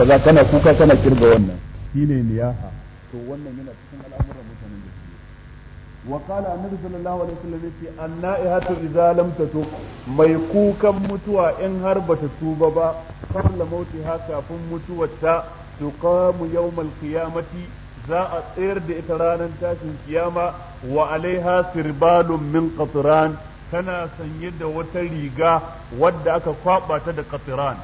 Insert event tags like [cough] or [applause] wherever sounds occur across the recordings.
kaza kana kuka kana kirga wannan shine niyaha to wannan yana cikin al'amuran mutanen da suke wa qala annabi sallallahu alaihi wasallam yace annaihatu idza lam tatu mai kukan mutuwa in har bata tuba ba mauti mautiha kafin mutuwarta tuqamu yawmal qiyamati za a tsayar da ita ranar tashin kiyama wa alaiha sirbalun min qatran tana sanye da wata riga wadda aka kwaba ta da qatran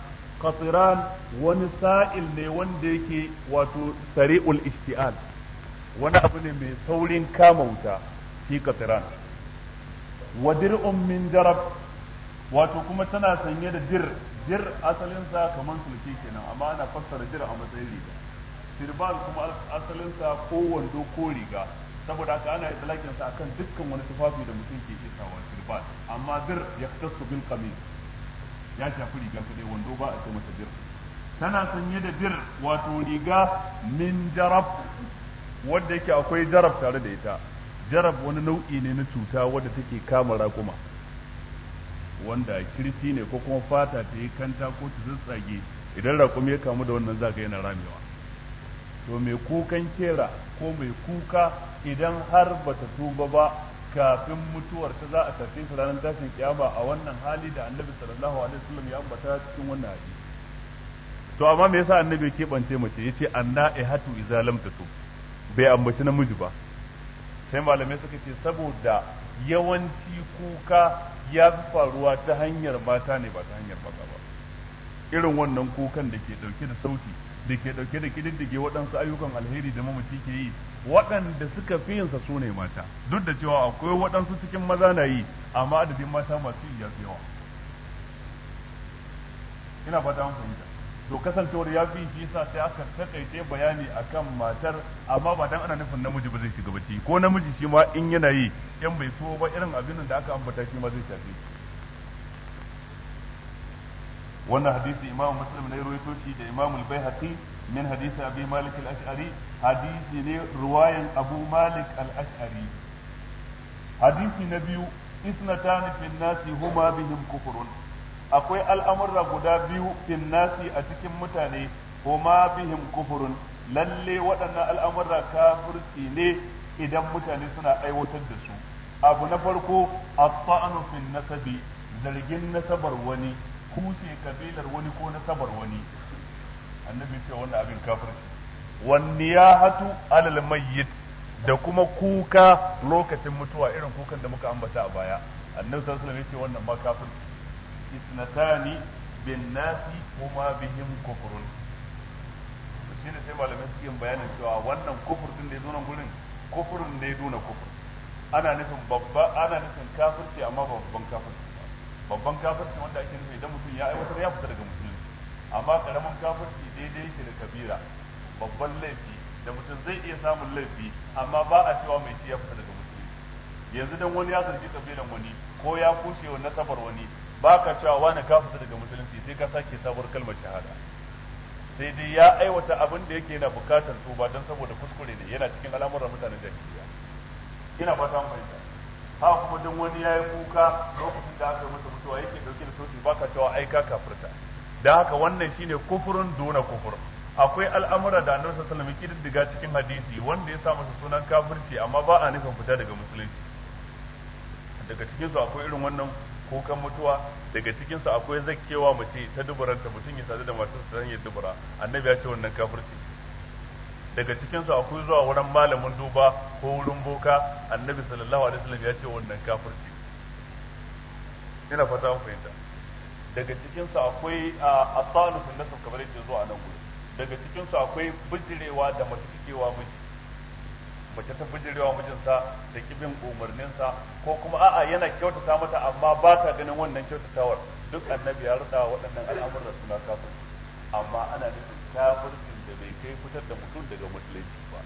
qatiran wani sa'il ne wanda yake wato sari'ul ishti'al wani abu ne mai saurin kama wuta shi Kasiran wa dir'un jarab wato kuma tana sanye da jir asalinsa kamar sulki kenan amma ana fassara jir a matsayin riga sirbal kuma asalinsa ko wando ko riga saboda haka ana italakin sa akan dukkan wani tufafi da mutum ke wa sirbal amma dir ya bil qamis ya shafi riga dai wando ba a ce mata dir tana sanye da dir wato riga min jarab wadda yake akwai jarab tare da ita jarab wani nau'i ne na cuta wadda take kama raƙuma wanda kirti ne ko kuma fata ta yi kanta ko ta zazzage idan raƙumi ya kamu da wannan zaka yana ramewa to mai kukan kera ko mai kuka idan har bata tuba ba kafin mutuwar ta za a tafi su ranar tashin kiyama a wannan hali da annabi sallallahu alaihi wasallam ya ambata cikin wannan hali to amma me yasa annabi ke bance mace yace anna ihatu idza lam tatu bai ambaci namiji ba sai malamai suka ce saboda yawanci kuka ya fi faruwa ta hanyar mata ne ba ta hanyar maza ba irin wannan kukan da ke dauke da sauti da ke dauke da kididdige waɗansu ayyukan alheri da mamaci ke yi waɗanda suka fi yinsa su ne mata duk da cewa akwai waɗansu cikin maza na yi amma adadin mata masu yi ya fi yawa ina fata an fahimta to kasancewar ya fi shi sa sai aka taƙaice bayani akan matar amma ba dan ana nufin namiji ba zai shiga bacci ko namiji shi ma in yana yi in bai so ba irin abin da aka ambata shi ma zai shafe wannan hadisi imamu muslim ne ruwaito shi da imamu al-baihaqi min hadisi abi malik al-ash'ari hadisi ne ruwayan abu malik al-ash'ari hadisi na biyu isnatan fil nasi huma bihim kufrun akwai al'amurra guda biyu fin nasi a cikin mutane huma bihim kufurun lalle waɗannan al'amurra kafirci ne idan mutane suna aiwatar da su abu na farko a fin nasabi zargin nasabar wani kushe kabilar wani ko na sabar wani annabi ce wannan abin kafirci wan niyahatu alal mayyit da kuma kuka lokacin mutuwa irin kukan da muka ambata a baya annabi sallallahu alaihi wasallam ya ce wannan ma kafirci isnatani bin nasi kuma bihim kufrun shi ne sai malamai suke bayanin cewa wannan kufur din da ya zo nan gurin kufurin da ya duna kufur ana nufin babba ana nufin kafirci amma babban kafirci babban kafirci wanda ake nufi idan mutum ya aiwatar ya fita daga musulunci amma karamin kafirci daidai yake da kabira babban laifi da mutum zai iya samun laifi amma ba a cewa mai shi ya fita daga musulunci yanzu dan wani ya zargi kabilan wani ko ya kushe wa nasabar wani ba ka cewa wani ka fita daga musulunci sai ka sake sabuwar kalmar shahada sai dai ya aiwata abin da yake yana bukatar tuba don saboda kuskure ne yana cikin al'amuran mutanen jahiliya ina fata mun fahimta haka kuma dan wani yi kuka lokacin da aka masa mutuwa yake dauke da sauki baka cewa ai ka kafirta da haka wannan shine kufurun dona kufur akwai al'amura da annabi sallallahu alaihi wasallam diga cikin hadisi wanda ya sa masa sunan kafirci amma ba a nufin fita daga musulunci daga cikin su akwai irin wannan kukan mutuwa daga cikin su akwai zakkewa mace ta duburanta mutum ya sadu da matarsa ta ya dubura annabi ya ce wannan kafirci daga cikinsu akwai zuwa wurin malamin duba ko wurin boka annabi sallallahu alaihi wasallam ya ce wannan kafirci ina fata an fahimta daga cikinsu akwai a asalu nasab kamar yadda zuwa nan gudu daga cikinsu akwai bijirewa da matukewa miji mace ta bijirewa mijinsa da kibin umarninsa ko kuma a'a yana kyautata mata amma ba ta ganin wannan kyautatawar duk annabi ya rada waɗannan al'amuran suna kafirci amma ana nufin kafirci kai fitar da mutum daga musulunci ba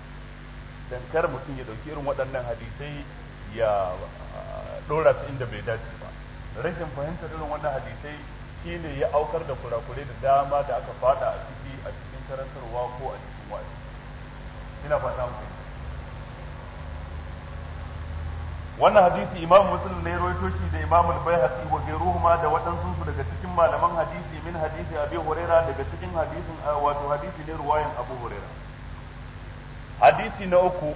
dan kar mutum ya dauki irin waɗannan hadisai ya ah, dora su inda bai dace ba rashin fahimtar irin wannan hadisai shi ne ya aukar da kurakurai da dama da aka fada a ciki a cikin karantarwa ko a cikin wa'azi ina fata wannan hadisi imam muslim ne rawaito shi da imam al-baihaqi wa ghayruhuma da wadansu su daga cikin malaman hadisi min hadisi abi huraira daga cikin hadisin wato hadisi ne ruwayan abu huraira hadisi na uku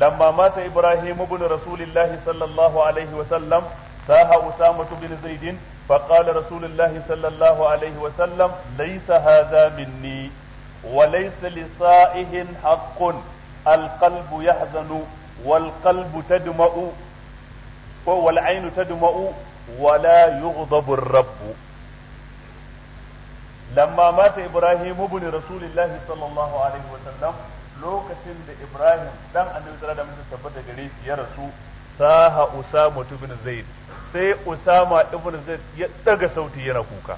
lamma mata ibrahim ibn rasulillahi sallallahu alaihi wa sallam saha usama bin zaid fa qala rasulullahi sallallahu alaihi wa sallam laysa hadha minni wa laysa li sa'ihin haqqun al-qalbu yahzanu wal qalbu ko wal ainu tadma'u wala yughdabu rabbu lamma mata ibrahim ibn rasulillahi sallallahu alaihi wa sallam lokacin da ibrahim dan annabi sallallahu alaihi wasallam tabbata gare shi ya rasu saha usama ibn zaid sai usama ibn zaid ya daga sauti yana kuka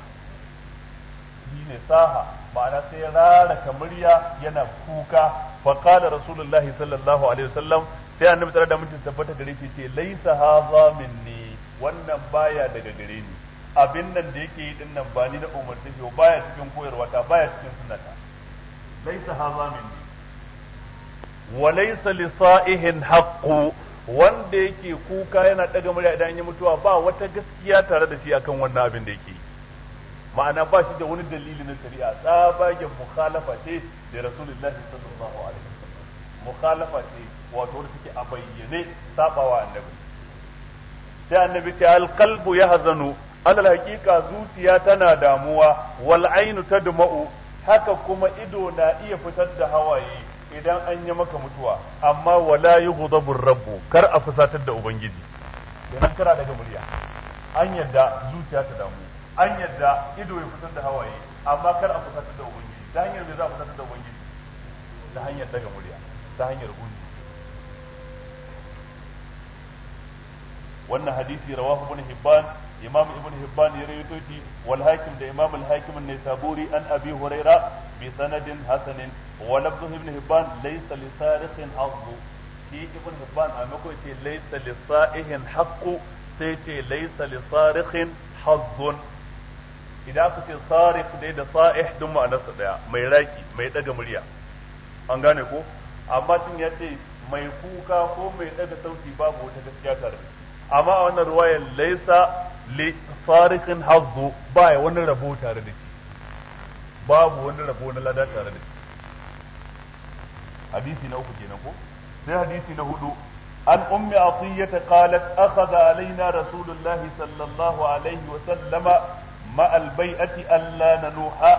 shine saha ma'ana sai ya rara kamariya yana kuka fa qala rasulullahi sallallahu alaihi wa sallam. sai annabi sallallahu alaihi wasallam tabbata gare shi ce laisa hadha minni wannan baya daga gare ni abin nan da yake yi din nan ba ni na umarta shi baya cikin koyarwa ta baya cikin sunnata laisa hadha minni wa laisa li sa'ihin haqqu wanda yake kuka yana daga murya idan ya mutuwa ba wata gaskiya tare da shi akan wannan abin da yake ma'ana ba shi da wani dalili na shari'a tsabagen mukhalafa ce da rasulullahi sallallahu alaihi mukhalafa ce wato wanda take a bayyane sabawa annabi sai annabi ta alqalbu yahzanu alal haqiqa zuciya tana damuwa wal ainu tadma'u haka kuma ido na iya fitar da hawaye idan an yi maka mutuwa amma wala yughdabu rabbu kar a fusatar da ubangiji idan kira daga murya an yadda zuciya ta damu an yadda ido ya fitar da hawaye amma kar a fusatar da ubangiji ta hanyar da za a fusatar da ubangiji da hanyar daga murya ta hanyar gunki wannan hadisi rawahu ibn hibban imam ibn hibban ya rawaito shi wal hakim da imam al hakim an saburi an abi huraira bi sanadin hasanin wa lafzu ibn hibban laysa li sariqin haqqu shi ibn hibban a mako ce laysa li sa'ihin haqqu sai ce laysa li sariqin hazzun idan aka ce sariq dai da sa'ih dun ma'anarsa daya mai raki mai daga murya an gane ko amma tun ya ce mai kuka ko mai daga sauti babu wata gaskiya tare amma a wannan ruwayar laisa li fariqin hazzu ba ya wani rabo tare da shi babu wani rabo na lada tare da shi hadisi na uku kenan ko sai hadisi na hudu an ummi atiyata qalat akhadha alaina rasulullahi sallallahu alaihi wa sallama ma al-bai'ati alla nanuha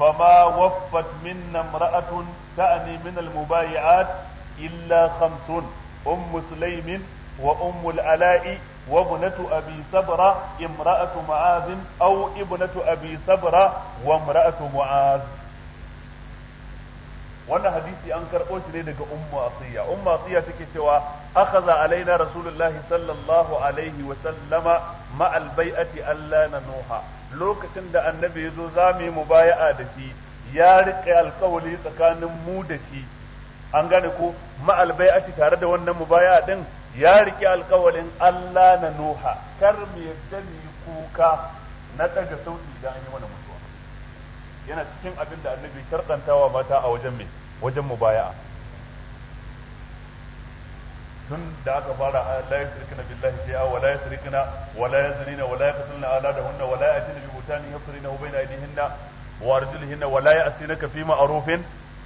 فما وفت منا امرأة تأني من المبايعات إلا خمس أم سليم وأم الألاء وابنة أبي سبرة امرأة معاذ أو ابنة أبي سبرة وامرأة معاذ wannan hadisi an karɓo shi ne daga ummu asiya ummu asiya take cewa Akaza علينا رسول الله صلى الله عليه وسلم مع البيعة ألا ننوها lokacin da annabi ya zo za mu yi mubaya'a da shi ya riƙe alkawali tsakanin mu da shi an gane ko ma'albai'ati tare da wannan mubaya'a din ya rike alkawalin Allah na Nuha kar mu yadda mu kuka na ɗaga sauti idan an yi mana mutuwa yana cikin abin da annabi sharɗantawa mata a wajen me wajen mubaya'a tun da aka fara la yusrikuna billahi shay'a wa la yusrikuna wa la yazrina wa la yaqtulna auladahunna wa la yatina bi butani yafsirinahu bayna aydihinna wa arjulihinna wa la ya'sinaka fi ma'rufin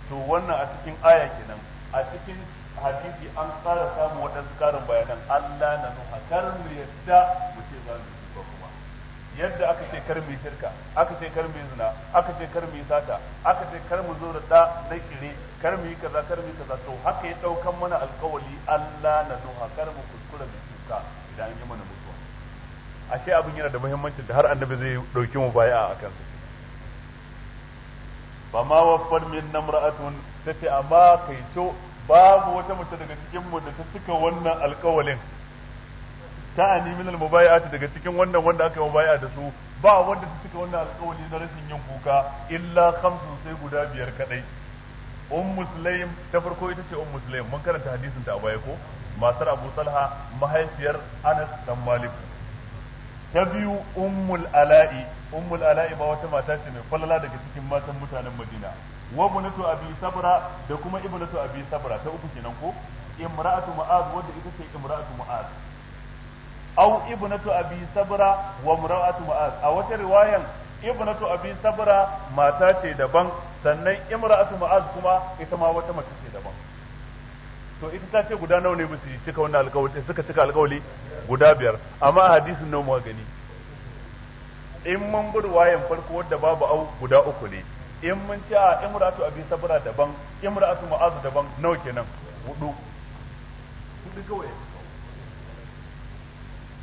to wannan a cikin aya kenan a cikin hadisi an fara samun waɗansu karin bayanan Allah na nuha kar mu yadda mu ce zalimi yadda aka ce kar mu shirka aka ce kar mu zina aka ce kar mu sata aka ce kar mu zo da da na kire kar mu kaza kar mu yi kaza to haka ya daukan mana alkawali Allah na duha kar mu kuskura da shirka idan an yi mana mutuwa ashe abin yana da muhimmanci da har annabi zai dauki mu baya a kansa ba ma waffar min namra'atun tace amma kai to babu wata mace daga cikin mu da ta cika wannan alkawalin ta'ani min al-mubay'ati daga cikin wannan wanda aka yi mubay'a da su ba wanda ta cika wannan alƙawari na rashin yin kuka illa khamsu sai guda biyar kadai um muslim ta farko ita ce um muslim mun karanta hadisin ta a baya ko matar abu salha mahaifiyar anas dan malik ta biyu ummul ala'i ummul ala'i ba wata mata ce mai falala daga cikin matan mutanen madina wa bunatu abi sabra da kuma ibnatu abi sabra ta uku kenan ko imra'atu mu'az wadda ita ce imra'atu mu'az aw ibnatu abi sabra wa mar'atu mu'az a wata riwayan ibnatu abi sabra mata ce daban sannan imra'atu mu'az kuma ita ma wata mace ce daban to ita ta ce guda nawa ne musu cika wannan alƙawari suka cika alƙawari guda biyar amma a hadisin nan muka gani in mun bi riwayan farko wadda babu au guda uku ne in mun ci a imra'atu abi sabra daban imra'atu mu'az daban nawa kenan hudu hudu kawai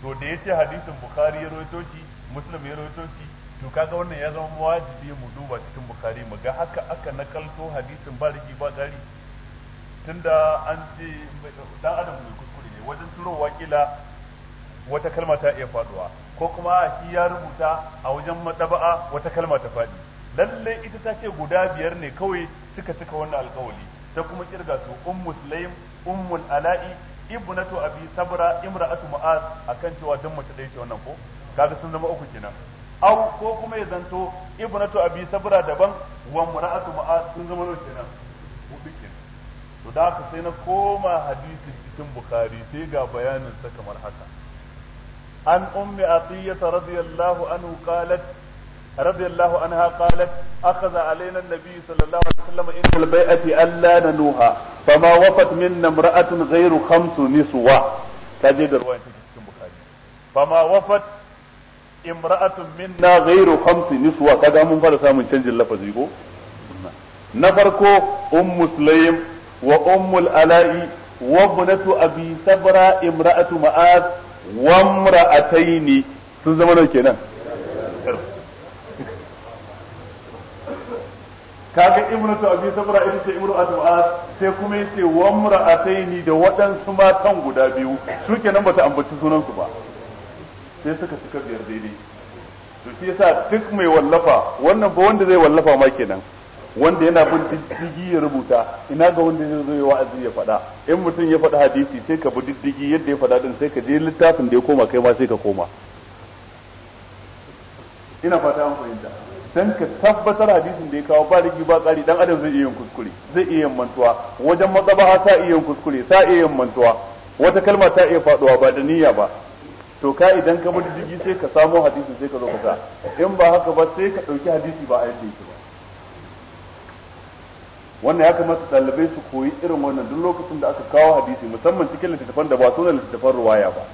to da yace hadisin bukhari ya rawaito shi muslim ya rawaito shi to kaga wannan ya zama wajibi mu duba cikin bukhari mu ga haka aka nakalto hadisin ba riki ba gari tunda an ce dan adam mai kuskure ne wajen turowa kila wata kalma ta iya faduwa ko kuma shi ya rubuta a wajen madaba'a wata kalma ta fadi lalle ita ta ce guda biyar ne kawai suka cika wannan alkawali ta kuma kirga su ummu sulaim ummul ala'i ibnatu abi sabra imra'atu mu'az akan cewa dan mace ɗaya ce wannan ko kaga sun zama uku kenan aw ko kuma ya zanto ibnatu abi sabra daban wa mura'atu mu'az sun zama nawa kenan hudu kenan to da haka sai na koma hadisi cikin bukhari sai ga bayanin sa kamar haka an ummi atiyya radiyallahu anhu qalat رضي الله عنها قالت أخذ علينا النبي صلى الله عليه وسلم إن البيعة ألا ننوها فما وفت منا امرأة غير خمس نسوة تجد رواية فما وفت امرأة منا غير خمس نسوة كذا من فرسا من تنجي اللفظ يقول نفركو أم سليم وأم الألاء وابنة أبي سبرة امرأة مآذ وامرأتين سنزمنا كنا kaga imratu abi sabra idan ce imratu as sai kuma yace wa mura'ataini da waɗansu matan guda biyu su kenan bata ambaci sunan su ba sai suka cika biyar daidai to shi yasa duk mai wallafa wannan ba wanda zai wallafa ma kenan wanda yana bin diddigi ya rubuta ina ga wanda zai zo ya wa'azi ya faɗa in mutum ya faɗa hadisi sai ka bi diddigi yadda ya faɗa din sai ka je littafin da ya koma kai ma sai ka koma ina fata an fahimta dan ka tabbatar hadisin da ya kawo ba rigi ba tsari dan adam zai iya yin kuskure zai iya yin mantuwa wajen matsabaha ta iya yin kuskure ta iya yin mantuwa wata kalma ta iya faduwa ba da niyya ba to ka idan ka mutu jigi sai ka samo hadisin sai ka zo ka in ba haka ba sai ka dauki hadisi ba a yadda yake ba wannan ya kamata dalibai su koyi irin wannan duk lokacin da aka kawo hadisi musamman cikin littattafan da ba sunan littattafan ruwaya ba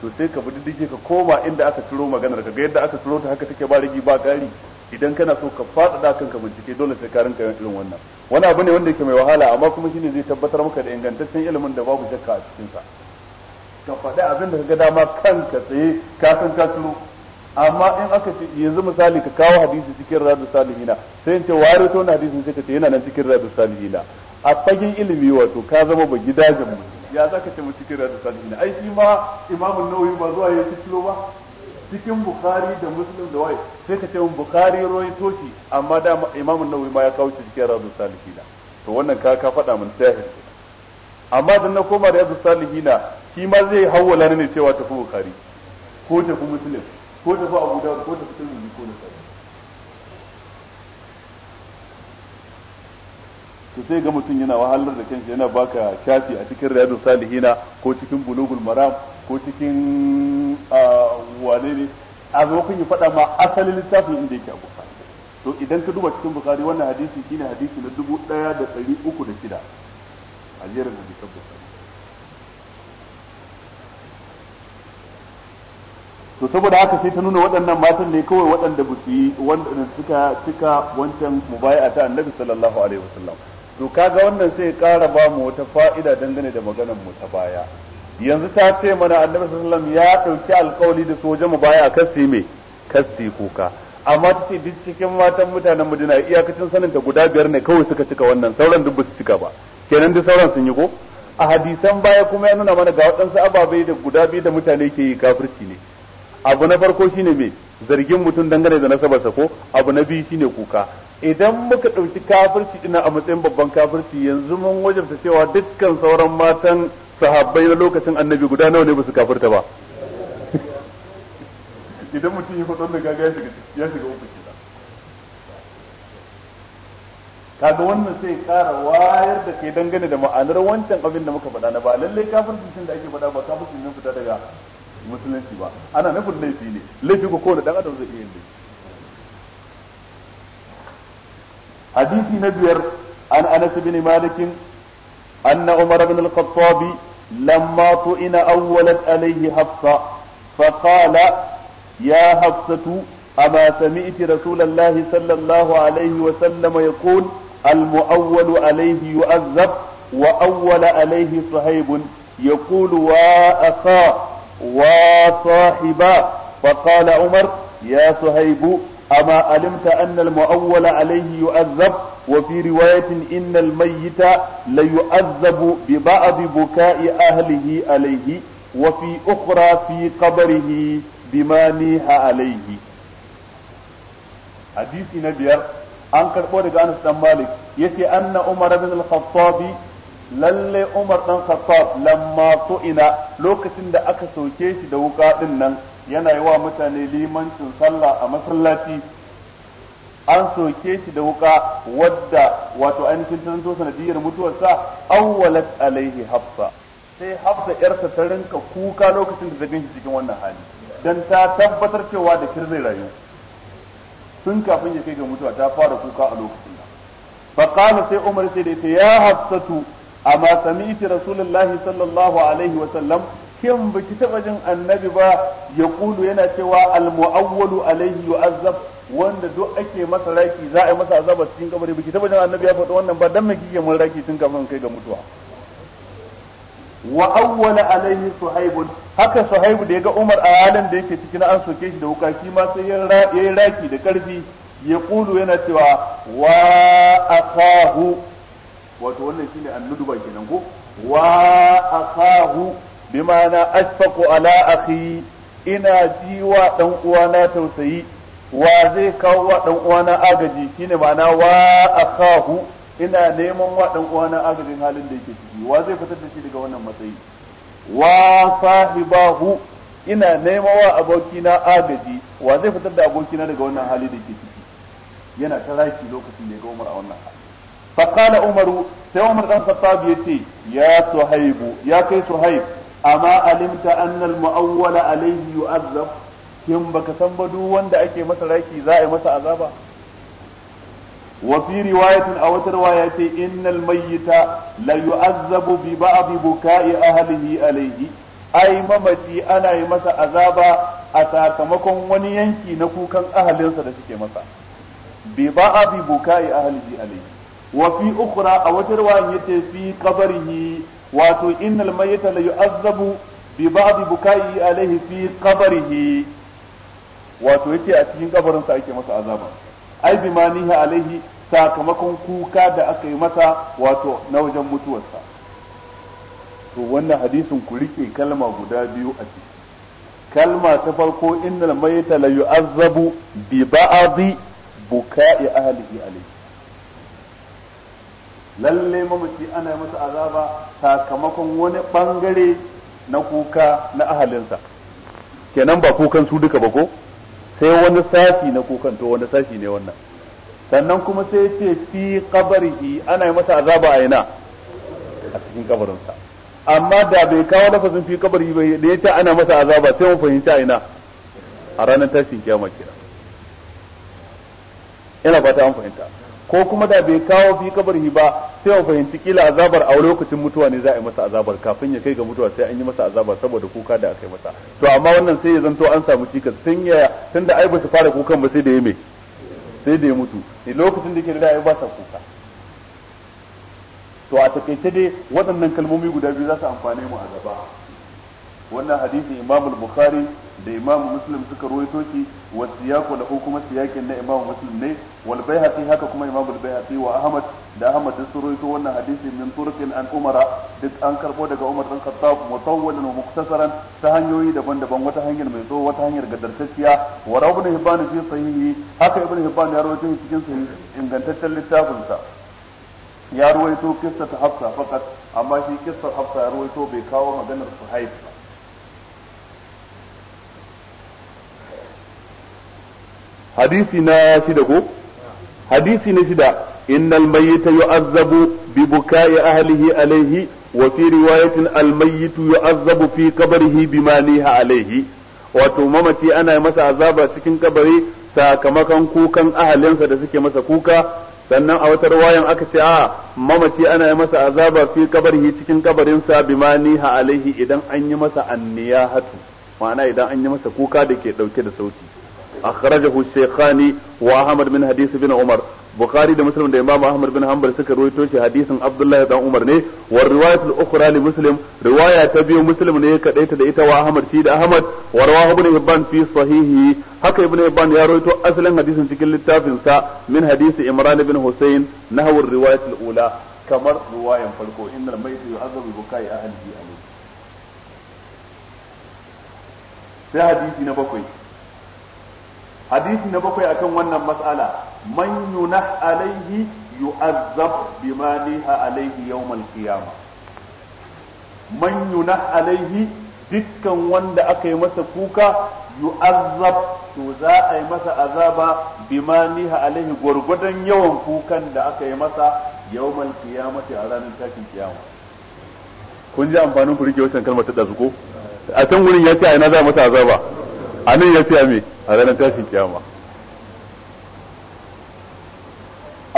to sai ka bi dike ka koma inda aka turo maganar ka ga yadda aka turo ta haka take ba rigi ba gari idan kana so ka faɗaɗa kanka bincike dole sai ka rinka irin wannan wani abu ne wanda yake mai wahala amma kuma shine zai tabbatar maka da ingantaccen ilimin da babu shakka a cikin sa ka faɗi abin da ka ga dama kanka tsaye ka san ka turo amma in aka ce yanzu misali ka kawo hadisi cikin radu salihina sai in ce ware to hadisin sai ka ce yana nan cikin radu salihina a fagen ilimi wato ka zama ba gidajen mutum ya zaka ce mace kira da salihin ai shi ma imamun nawawi ba zuwa ya cikilo ba cikin bukhari da muslim da waye sai ka ce mun bukhari roi toki amma da imamun nawawi ma ya kawo shi cikin radu salihina to wannan ka ka faɗa mun sai amma dan na koma da radu salihina shi ma zai hawwala ne cewa tafi bukhari ko tafi muslim ko tafi abu dawud ko tafi tirmidhi ko nasa'i to sai ga mutum yana wahalar da kanshi yana baka shafi a cikin riyadu salihina ko cikin bulugul maram ko cikin wane ne a zo kun yi faɗa ma asalin littafin inda yake a bukari to idan ka duba cikin bukari wannan hadisi shine hadisi na dubu ɗaya da ɗari uku da shida a jerin hadisan bukari to saboda haka sai ta nuna waɗannan matan ne kawai waɗanda ba su yi wanda suka cika wancan mubaya ta annabi sallallahu alaihi wasallam to kaga wannan sai ƙara ba mu wata fa'ida dangane da maganar mu ta baya yanzu ta ce mana annabi sallallahu ya ɗauki alƙawari da soja mu baya kan su me kasti kuka amma ta ce duk cikin matan mutanen Madina iyakacin sanin ta guda biyar ne kawai suka cika wannan sauran duk ba su cika ba kenan duk sauran sun yi ko a hadisan baya kuma ya nuna mana ga waɗansu ababai da guda biyu da mutane ke yi kafirci ne abu na farko shine me zargin mutum dangane da nasabarsa ko abu na biyu shine kuka idan muka ɗauki kafirci ina a matsayin babban kafirci yanzu mun wajabta cewa dukkan sauran matan sahabbai na lokacin annabi guda nawa ne ba su kafirta ba [laughs] idan mutum ya faɗo da gaga ya shiga uku kenan kaga wannan sai ƙara wayar da kai dangane da ma'anar wancan abin da muka faɗa na ba lallai sun da ake faɗa ba kafirci sun fita daga musulunci ba ana nufin laifi ne laifi ko kowane dan adam zai iya yin laifi hadisi na biyar an anas bin malik anna umar ibn al-khattab lamma tu'ina awwalat alayhi hafsa fa ya hafsatu أما سمعت رسول الله صلى الله عليه وسلم يقول المؤول عليه يؤذب وأول عليه صهيب يقول وأخا وصاحبا فقال عمر يا صهيب أما علمت أن المؤول عليه يؤذب وفي رواية إن الميت ليؤذب ببعض بكاء أهله عليه وفي أخرى في قبره بما نيح عليه حديث نبير an karɓo daga Anas dan Malik yace anna Umar bin al lalle Umar dan Khattab lamma ina lokacin da aka soke shi da wuka din nan yana yi wa mutane limancin sallah a masallaci an soke shi da wuka wadda wato ainihin tanto sanadiyar mutuwarsa awwalat alaihi hafsa sai hafsa yarsa ta rinka kuka lokacin da ta ganshi cikin wannan hali dan ta tabbatar cewa da kir zai rayu tun kafin ya kai ga mutuwa ta fara kuka a lokacin da fa sai umar sai da ya hafsatu amma sami'ti rasulullahi sallallahu alaihi wa sallam kin baki taba jin annabi ba ya kulu yana cewa muawwalu alaihi yu'azzab wanda duk ake masa raki za a yi masa azaba cikin kabari baki taba jin annabi ya faɗa wannan ba dan me kike mun raki tun kafin kai ga mutuwa wa awwala alaihi haka suhaibu da yaga umar a halin da yake cikin an soke shi da wuka shi ma sai ya raki da karfi ya kulu yana cewa wa akahu wato wannan shine annudu ba kenan ko wa akahu bimana ma'ana ala akhi ina ji wa dan uwana tausayi wa zai kawo wa dan uwana agaji shine ma'ana wa akahu ina neman wa dan uwana agajin halin da yake ciki wa zai fitar da shi daga wannan matsayi wa sahibahu ina neman wa abokina agaji wa zai fitar da abokina daga wannan hali da yake ciki yana ta lokacin da ya ga Umar a wannan hali kana umaru sai Umar dan Khattab yace ya Suhaibu ya kai Suhaib amma alimta annal mu'awwala alayhi yu'azzab kin baka san ba duk wanda ake masa raki za a yi masa azaba wa fi riwayatin a watarwa ya ce innal mayyita la yu'azzabu bi ba'd buka'i ahlihi alayhi ai mamaci ana yi masa azaba a sakamakon wani yanki na kukan ahalinsa da suke masa bi ba'd buka'i ahlihi alayhi wa fi ukhra a watarwa ya yace fi qabrihi wato innal mayyita la yu'azzabu bi ba'd bukai alaihi fi qabrihi wato yake a cikin kabarin sa ake masa azaba ai bi maniha alaihi sakamakon kuka da aka yi masa wato na wajen mutuwarsa to wannan hadisin ku rike kalma guda biyu a ciki kalma ta farko innal mayyita la yu'azzabu bi ba'd bukai ahlihi alaihi lalle mamaci ana yi masa azaba sakamakon wani bangare na kuka na ahalinsa kenan ba kukan su duka ba ko sai wani sashi na kukan to wani sashi ne wannan sannan kuma sai ce fi kabarihi ana yi masa azaba a yana a cikin kabarinsa amma da bai kawo lafazin fi kabari bai da ya ce ana masa azaba sai mu fahimci a yana a ranar tashin kiyama kira ina fata an fahimta ko kuma da bai kawo fi kabari ba sai mu fahimci kila azabar a lokacin mutuwa ne za a yi masa azabar kafin ya kai ga mutuwa sai an yi masa azabar saboda kuka da aka yi masa to amma wannan sai ya zanto an samu cikas tun ya tun da ai ba su fara kukan ba sai da ya mai sai da ya mutu eh, lokacin da ke da ai ba sa kuka to a takaice dai waɗannan kalmomi guda biyu za su amfane mu a gaba wannan hadisi imam bukhari da imam muslim suka ruwaito shi wa siyaqu hukumar siyakin na imam muslim ne wal bayhaqi haka kuma imamu al bayhaqi wa ahmad da ahmad sun rawaito wannan hadisi min turqin an umara duk an karbo daga umar dan khattab mutawwalan wa muktasaran ta hanyoyi daban-daban wata hanyar mai tsawo wata hanyar gadartacciya wa ibn hibban fi sahihi haka ibnu hibban ya rawaito cikin sahihi ingantaccen littafin sa ya ruwaito kissa ta hafsa fakat amma shi kissar hafsa ya ruwaito bai kawo maganar suhaib ba hadisi na shida hadisi na shida innal mayyita yu'azzabu bi buka'i ahlihi alayhi wa fi riwayatin al mayyitu yu'azzabu fi qabrihi bima niha alayhi wato mamaci ana masa azaba cikin kabari sakamakon kukan ahalinsa da suke masa kuka sannan a wata wayan aka ce a mamaci ana masa azaba fi kabarihi cikin kabarinsa bima niha alaihi idan an yi masa anniyahatu ma'ana idan an yi masa kuka da ke dauke da sauti akhrajahu shaykhani wa ahmad min hadith ibn umar bukhari da muslim da imam ahmad bin hanbal suka rawaito shi hadisin abdullahi dan umar ne wa riwayat al-ukhra li riwaya ta biyu muslim ne ya ta da ita wa ahmad ahmad wa rawahu hibban fi sahihi haka ibn hibban ya rawaito asalin hadisin cikin littafin sa min hadisi bin ibn na nahwu riwayat al-ula kamar riwayan bukai sai hadisi na bakwai hadisi na bakwai akan wannan mas'ala man yuna alaihi yu'azzab bima liha alaihi al qiyama man yuna alaihi dukkan wanda aka yi masa kuka yu'azzab to za a yi masa azaba bima liha alaihi gwargwadon yawan kukan da aka yi masa al qiyamati a ranar tashin kiyama kun ji amfanin ku rike wannan kalmar ta dazu ko a can wurin ya ai na ina za masa azaba a yace ya me a ranar tashin kiyama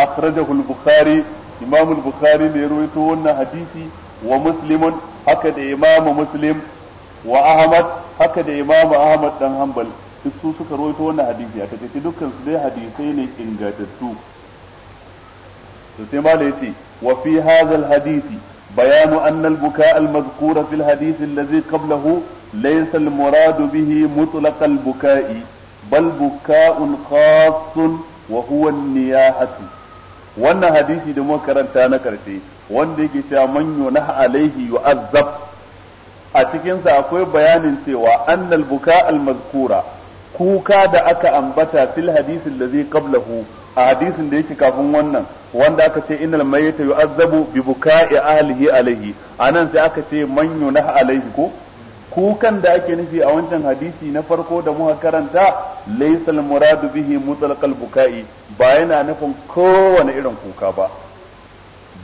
akhrajahu al-bukhari imam al-bukhari ne ya rawaito wannan hadisi wa muslimun haka da imam muslim wa ahmad haka da imam ahmad dan hanbal duk su suka rawaito wannan hadisi a takaice dukkan su dai hadisai ne ingantattu to sai ma da yace wa fi hadha al-hadisi بيان أن البكاء المذكور في الحديث الذي قبله ليس المراد به مطلق البكاء bal buka'un khassun wa huwa niyahatu wannan hadisi da makaranta na karshe wanda yake cewa man yunaha alaihi yu'azzab a cikinsa akwai bayanin cewa annal buka al mazkura kuka da aka ambata fil hadisin da zai qablahu a hadisin da yake kafin wannan wanda aka ce innal mayyita yu'azzabu bi buka'i ahlihi alaihi anan sai aka ce man yunaha alaihi ko kukan da ake nufi a wancan hadisi na farko da muka karanta laysal muradu bihi mutlaqal bukai ba yana nufin kowane irin kuka ba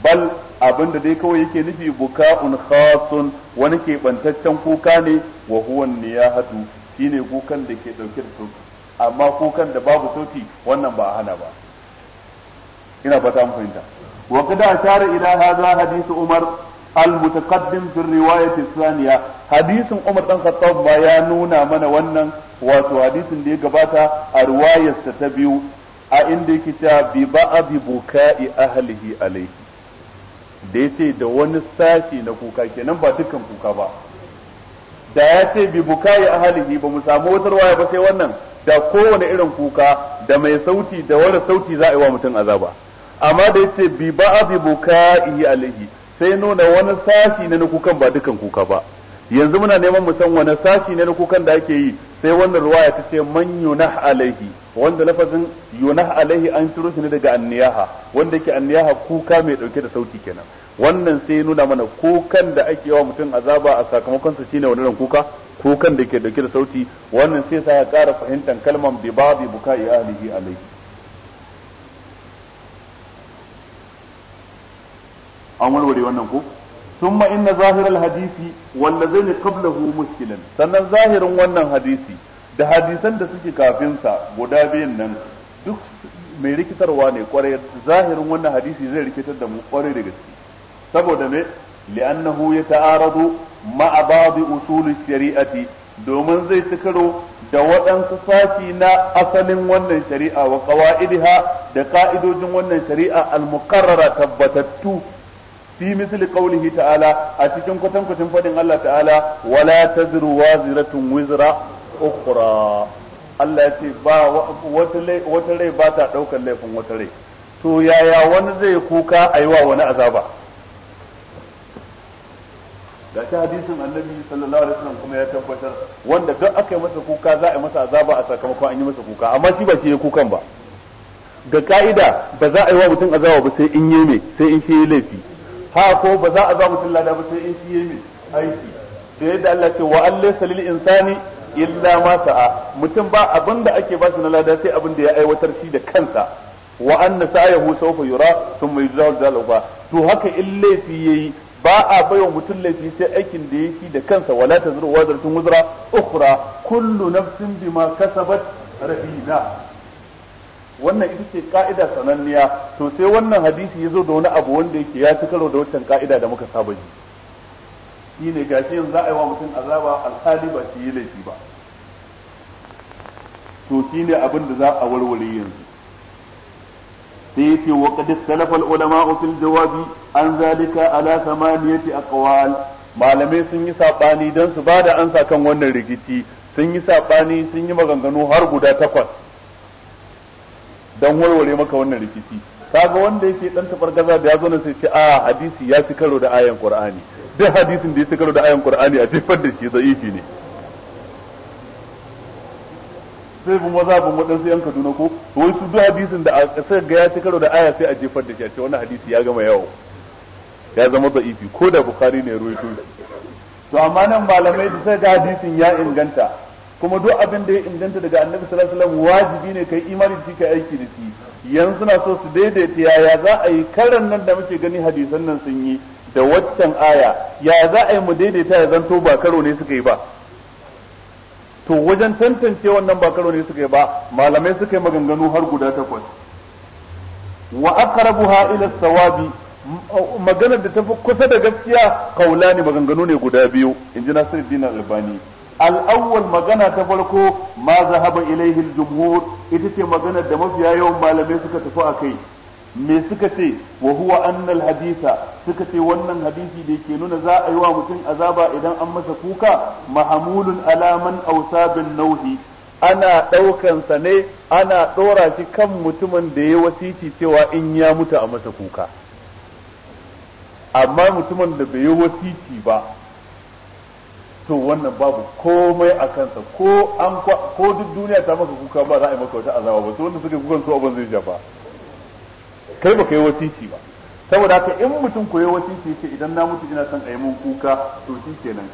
bal abin da dai kawai yake nufi buka'un khasun wani keɓantaccen kuka ne wa huwa niyahatu shine kukan da ke dauke da sauki amma kukan da babu sauki wannan ba a hana ba ina fata mun fahimta wa kada ila hadha hadisi umar المتقدم في الرواية الثانية حديث hadisin Umar dan ما ba ya nuna mana wannan wato hadisin da ya gabata a riwayarsa ta biyu a inda yake cewa bi da yace da wani sashi na kuka kenan ba dukkan kuka ba da ya ce bi buka'i ahlihi ba mu samu wata waya ba sai wannan da kowane irin kuka da mai sauti da wani sauti za a yi wa mutum azaba amma da ya ce bi ba ba'd buka'i alayhi sai nuna wani sashi ne na kukan ba dukan kuka ba yanzu muna neman mu san wani sashi na kukan da ake yi sai wannan ruwaya ta ce man yunah alaihi wanda lafazin yunah alaihi an turo shi ne daga anniyaha wanda yake anniyaha kuka mai dauke da sauti kenan wannan sai nuna mana kukan da ake yawa mutum azaba a sakamakon su shine wannan kuka kukan da ke dauke da sauti wannan sai sa ya kara fahimtar kalman bi babi buka'i ahlihi alaihi an warware wannan ko wanda zai ظاهر الحديث والذين qablahu مشكلا sannan zahirin wannan hadisi da hadisan da suke kafin sa guda biyan nan duk mai rikitarwa ne kwarai zahirin wannan hadisi zai rikitar da mu kwarai da gaske saboda ne li'annahu yata'aradu ma'a ba'd usul shari'ati domin zai ci da waɗansu sashi na asalin wannan shari'a wa qawa'idiha da ka'idojin wannan shari'a al-muqarrara tabbatattu fi misali qawlihi ta'ala a cikin kwatankwacin fadin Allah ta'ala wala tazru waziratun wizra ukhra Allah ya ce ba wata rai ba ta daukar laifin wata rai to yaya wani zai kuka a wani azaba da shi hadisin annabi sallallahu alaihi wasallam kuma ya tabbatar wanda duk aka yi masa kuka za a yi masa azaba a sakamakon an yi masa kuka amma shi ba shi ya kukan ba ga ka'ida ba za a yi wa mutum azaba ba sai in yi ne sai in shi ya laifi ha ko ba za a za mutum lada ba sai in shi yayi aiki da yadda Allah ce wa allaysa lil insani illa ma sa'a mutum ba abin da ake ba shi na lada sai abin da ya aiwatar shi da kansa wa anna sa'ahu sawfa yura thumma yujzahu al-jaza to haka in laifi yayi ba a baiwa mutum laifi sai aikin da ya yi da kansa wala tazru wa zartun wuzra ukhra kullu nafsin bima kasabat rabina wannan ita ce ka'ida sananniya to sai wannan hadisi ya zo da wani abu wanda yake ya ci karo da wancan ka'ida da muka saba yi shi ne gashi yanzu za a yi wa mutum azaba alhali ba shi yi laifi ba to shi ne abin da za a warware yanzu sai yake wa kadis salafal ulama fil jawabi an zalika ala a aqwal malamai sun yi saɓani don su ba da ansa kan wannan rikici, sun yi saɓani sun yi maganganu har guda takwas don warware maka wannan rikici kaga wanda yake dan gaza da ya zo na sai ce a ah, hadisi ya ci karo da ayan qur'ani duk hadisin da ya ci karo da ayan qur'ani a jefar da shi za'ifi ne sai bin mazhabin waɗansu yan Kaduna ko wai su duk hadisin da sai ga ya ci karo da aya sai a jefar da shi a ce wannan hadisi ya gama yawo ya zama da'ifi ko da bukhari ne ya ruwaito to amma nan malamai da suka ga hadisin ya inganta kuma duk abin da ya inganta daga annabi sallallahu alaihi wasallam wajibi ne kai imani shi aiki da shi yanzu na so su daidaita yaya za a yi karan nan da muke gani hadisan nan sun yi da waccan aya ya za a yi mu daidaita ya zanto ba karo ne suka yi ba to wajen tantance wannan ba karo ne suka yi ba malamai suka yi maganganu har guda takwas wa aqrabuha ila sawabi maganar da tafi kusa da gaskiya kaulani maganganu ne guda biyu inji Nasiruddin Albani al'awwal magana ta farko ma zahaba ilaihi al-jumhur ita ce magana da mafiya yawan malamai suka tafi a kai me suka ce wa huwa anna al suka ce wannan hadisi da yake nuna za a yi wa mutum azaba idan an masa kuka mahamulun alaman ausabin bin nauhi ana daukan sa ne ana ɗora shi kan mutumin da ya wasici cewa in ya mutu a masa kuka amma mutumin da bai yi wasici ba to wannan babu komai a kansa ko an ko duk duniya ta maka kuka ba za a yi maka wata azaba ba To wanda suka kukan su abin zai shafa kai ba yi wasiki ba saboda haka in mutum koyi wasiki ce idan na mutu ina son a yi mun kuka to shi kenan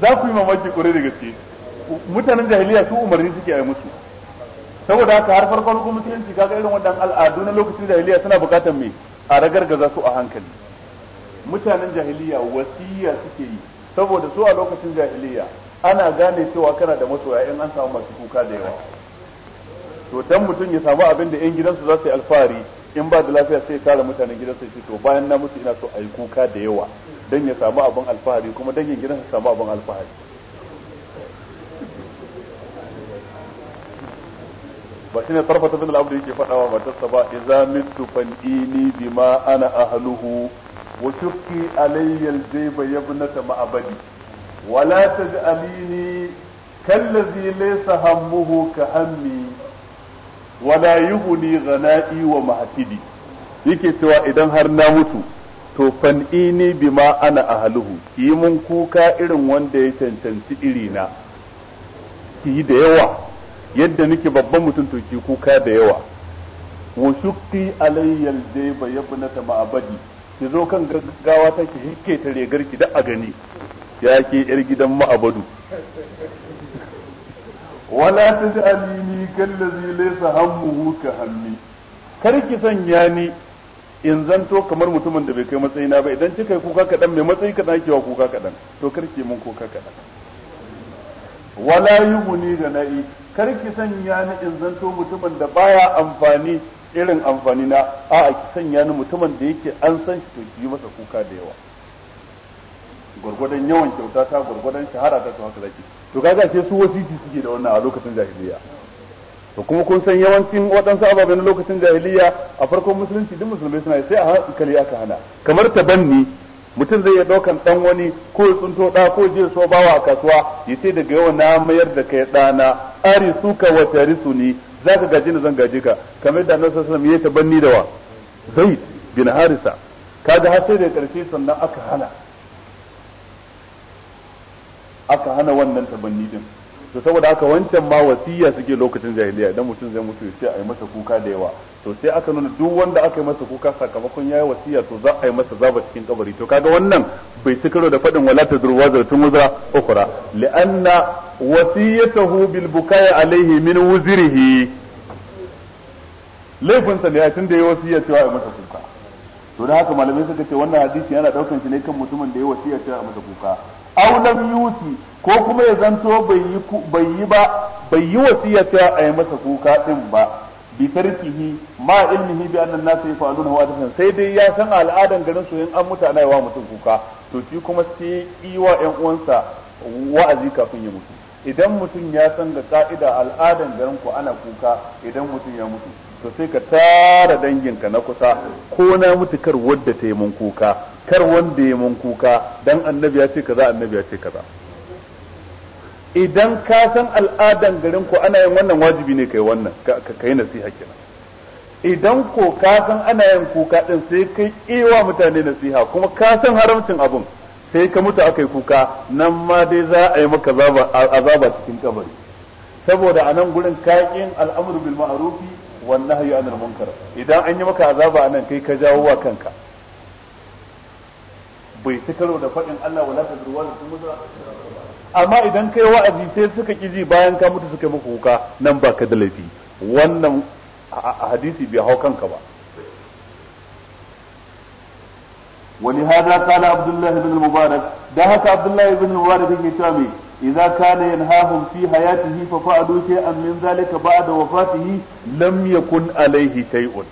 za ku yi mamaki kure da gaske mutanen jahiliya su umarni suke yi musu saboda haka har farkon musulunci kaga irin waɗannan al'adu na lokacin jahiliya suna bukatar me a ragargaza su a hankali mutanen jahiliya wasiya suke yi saboda su a lokacin jahiliya ana gane cewa kana da masoya in an samu masu kuka da yawa to dan mutum ya samu abin da yan gidansu za su yi alfahari in ba da lafiya sai kare mutanen gidansu ya to bayan na mutu ina so a yi kuka da yawa dan ya samu abin alfahari kuma dangin gidansa samu abin alfahari ba shine tarfata bin al da yake fadawa tassa ba idza mitu fandini bima ana ahluhu wa shukki alayya al-jayba yabnata ma'abadi wa la taj'alini kallazi laysa hammuhu ka hammi wa la ghana'i wa mahtidi yake cewa idan har na mutu to fandini bima ana ahluhu ki mun kuka irin wanda ya cancanci irina ki da yawa yadda nake babban mutum to ki kuka da yawa wa shukti alayyal jayba yabnata ma'abadi ki zo kan gaggawa ta ki hikke ta regar ki da a gani ya ke yar gidan ma'abadu wala taj'alini kallazi laysa hammuhu ka hammi kar ki sanya ni in zanto kamar mutumin da bai kai matsayina ba idan kika yi kuka kaɗan mai matsayi kaɗan dakewa kuka kaɗan to kar ki mun kuka kaɗan wala yi da na'i kar ki sanya ni in zanto mutumin da baya amfani irin amfani na a'a ki sanya ni mutumin da yake an san shi to ki masa kuka da yawa gurgurdan yawan kyauta ta gurgurdan shahara ta to haka zaki to kaga ce su wasiti suke da wannan a lokacin jahiliya to kuma kun san yawancin waɗansu ababen na lokacin jahiliya a farkon musulunci duk musulmai suna sai a hankali aka hana kamar tabanni mutum zai iya ɗaukan ɗan wani ko ya tsunto ɗa ko jiya so bawa a kasuwa ya ce daga yau na mayar da kai ɗana ari suka wa tarisu ni za ka gaji ni zan gaji ka kamar da nan sassan ya wasallam ya da wa zai bin harisa kaga har sai da karshe sannan aka hana aka hana wannan tabanni din to saboda haka wancan ma wasiya suke lokacin jahiliya idan mutum zai mutu sai a yi masa kuka da yawa to sai aka nuna duk wanda aka yi masa kuka sakamakon yayi wasiya to za a yi masa zaba cikin kabari to kaga wannan bai ci karo da fadin wala tadru wazratun wuzra ukhra li'anna wasiyatahu bil bukai alaihi min wuzrihi laifinsa ne a tunda yayi wasiya cewa a yi masa kuka to da haka malamai suka ce wannan hadisi yana daukan shi ne kan mutumin da yayi wasiya cewa a masa kuka aw lam ko kuma ya zanto bai yi bai yi ba bai yi wasiya a yi masa kuka din ba bi tarkihi ma ilmihi bi annan nasu yafaluna wa dasan sai dai ya san al'adan garin su in an mutu ana yawa mutum kuka to shi kuma sai iwa ƴan uwansa wa'azi kafin ya mutu idan mutum ya san ga ka'ida al'adan garin ku ana kuka idan mutum ya mutu to sai ka tara danginka na kusa ko na mutu kar wadda ta mun kuka kar wanda ya mun kuka dan annabi ya ce kaza annabi ya ce kaza idan ka san al'adan garin ku ana yin wannan wajibi ne kai wannan ka yi nasiha kenan idan ko ka san ana yin kuka din sai kai iwa mutane nasiha kuma ka san haramcin abun sai ka mutu akai kuka nan ma dai za a yi maka azaba cikin kabari saboda a nan gurin kakin, al'amuru bil ma'arufi wan nahyi anil munkar idan an yi maka azaba anan kai ka jawo wa kanka bai ci karo da faɗin Allah wala ta zuruwa da kuma amma idan kai wa'azi sai suka ki ji bayan ka mutu suka maku kuka nan ba ka da laifi wannan hadisi bai hau kanka ba wani hada kana abdullahi ibn da haka abdullahi ibn mubarak yake cewa Iza idza kana yanhahum fi hayatihi fa fa'adu ba da min zalika ba'da wafatihi lam yakun alayhi shay'un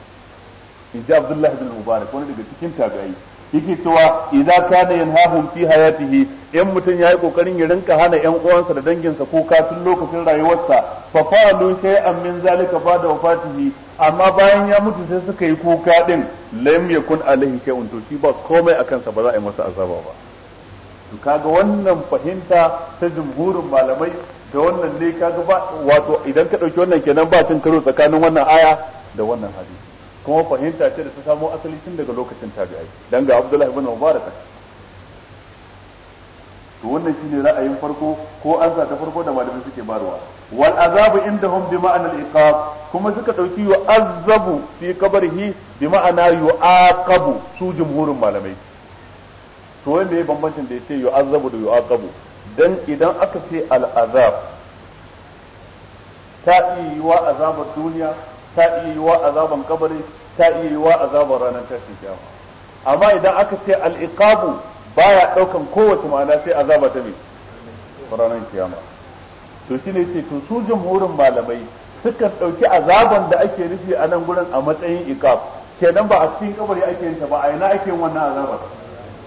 in ji abdullahi ibn wani daga cikin tabi'ai yake cewa idza kana yanhahum fi hayatihi in mutum yayi kokarin ya rinka hana yan uwansa da danginsa kuka tun lokacin rayuwarsa fa fa'alu shay'an min zalika ba'da wafatihi amma bayan ya mutu sai suka yi kuka din lam yakun alaihi shay'un to shi ba komai akan sa ba za a yi masa azaba ba to kaga wannan fahimta ta jumhurin malamai da wannan ne kaga ba wato idan ka dauki wannan kenan ba cin karo tsakanin wannan aya da wannan hadisi kuma fahimta ce da ta samo asali tun daga lokacin tabi'ai dan ga Abdullahi ibn Mubarak to wannan shine ra'ayin farko ko an sa ta farko da malamin suke barwa wal azabu indahum bi ma'anar iqab kuma suka dauki yu'azzabu fi qabrihi bi ma'ana yu'aqabu su jumhurin malamai to wanda ya bambancin da yace yu'azzabu da yu'aqabu dan idan aka ce al azab ta iya yi wa azabar duniya ta iya yi wa azaban kabari ta iya yiwa azabar ranar tashin kiyama amma idan aka ce al baya daukan kowace ma'ana sai azaba ta mai ranar kiyama to shi ne yace to su jumhurin malamai suka ɗauki azaban da ake nufi a nan gurin a matsayin iqab kenan ba a cikin kabari ake yin ta ba a ina ake yin wannan azabar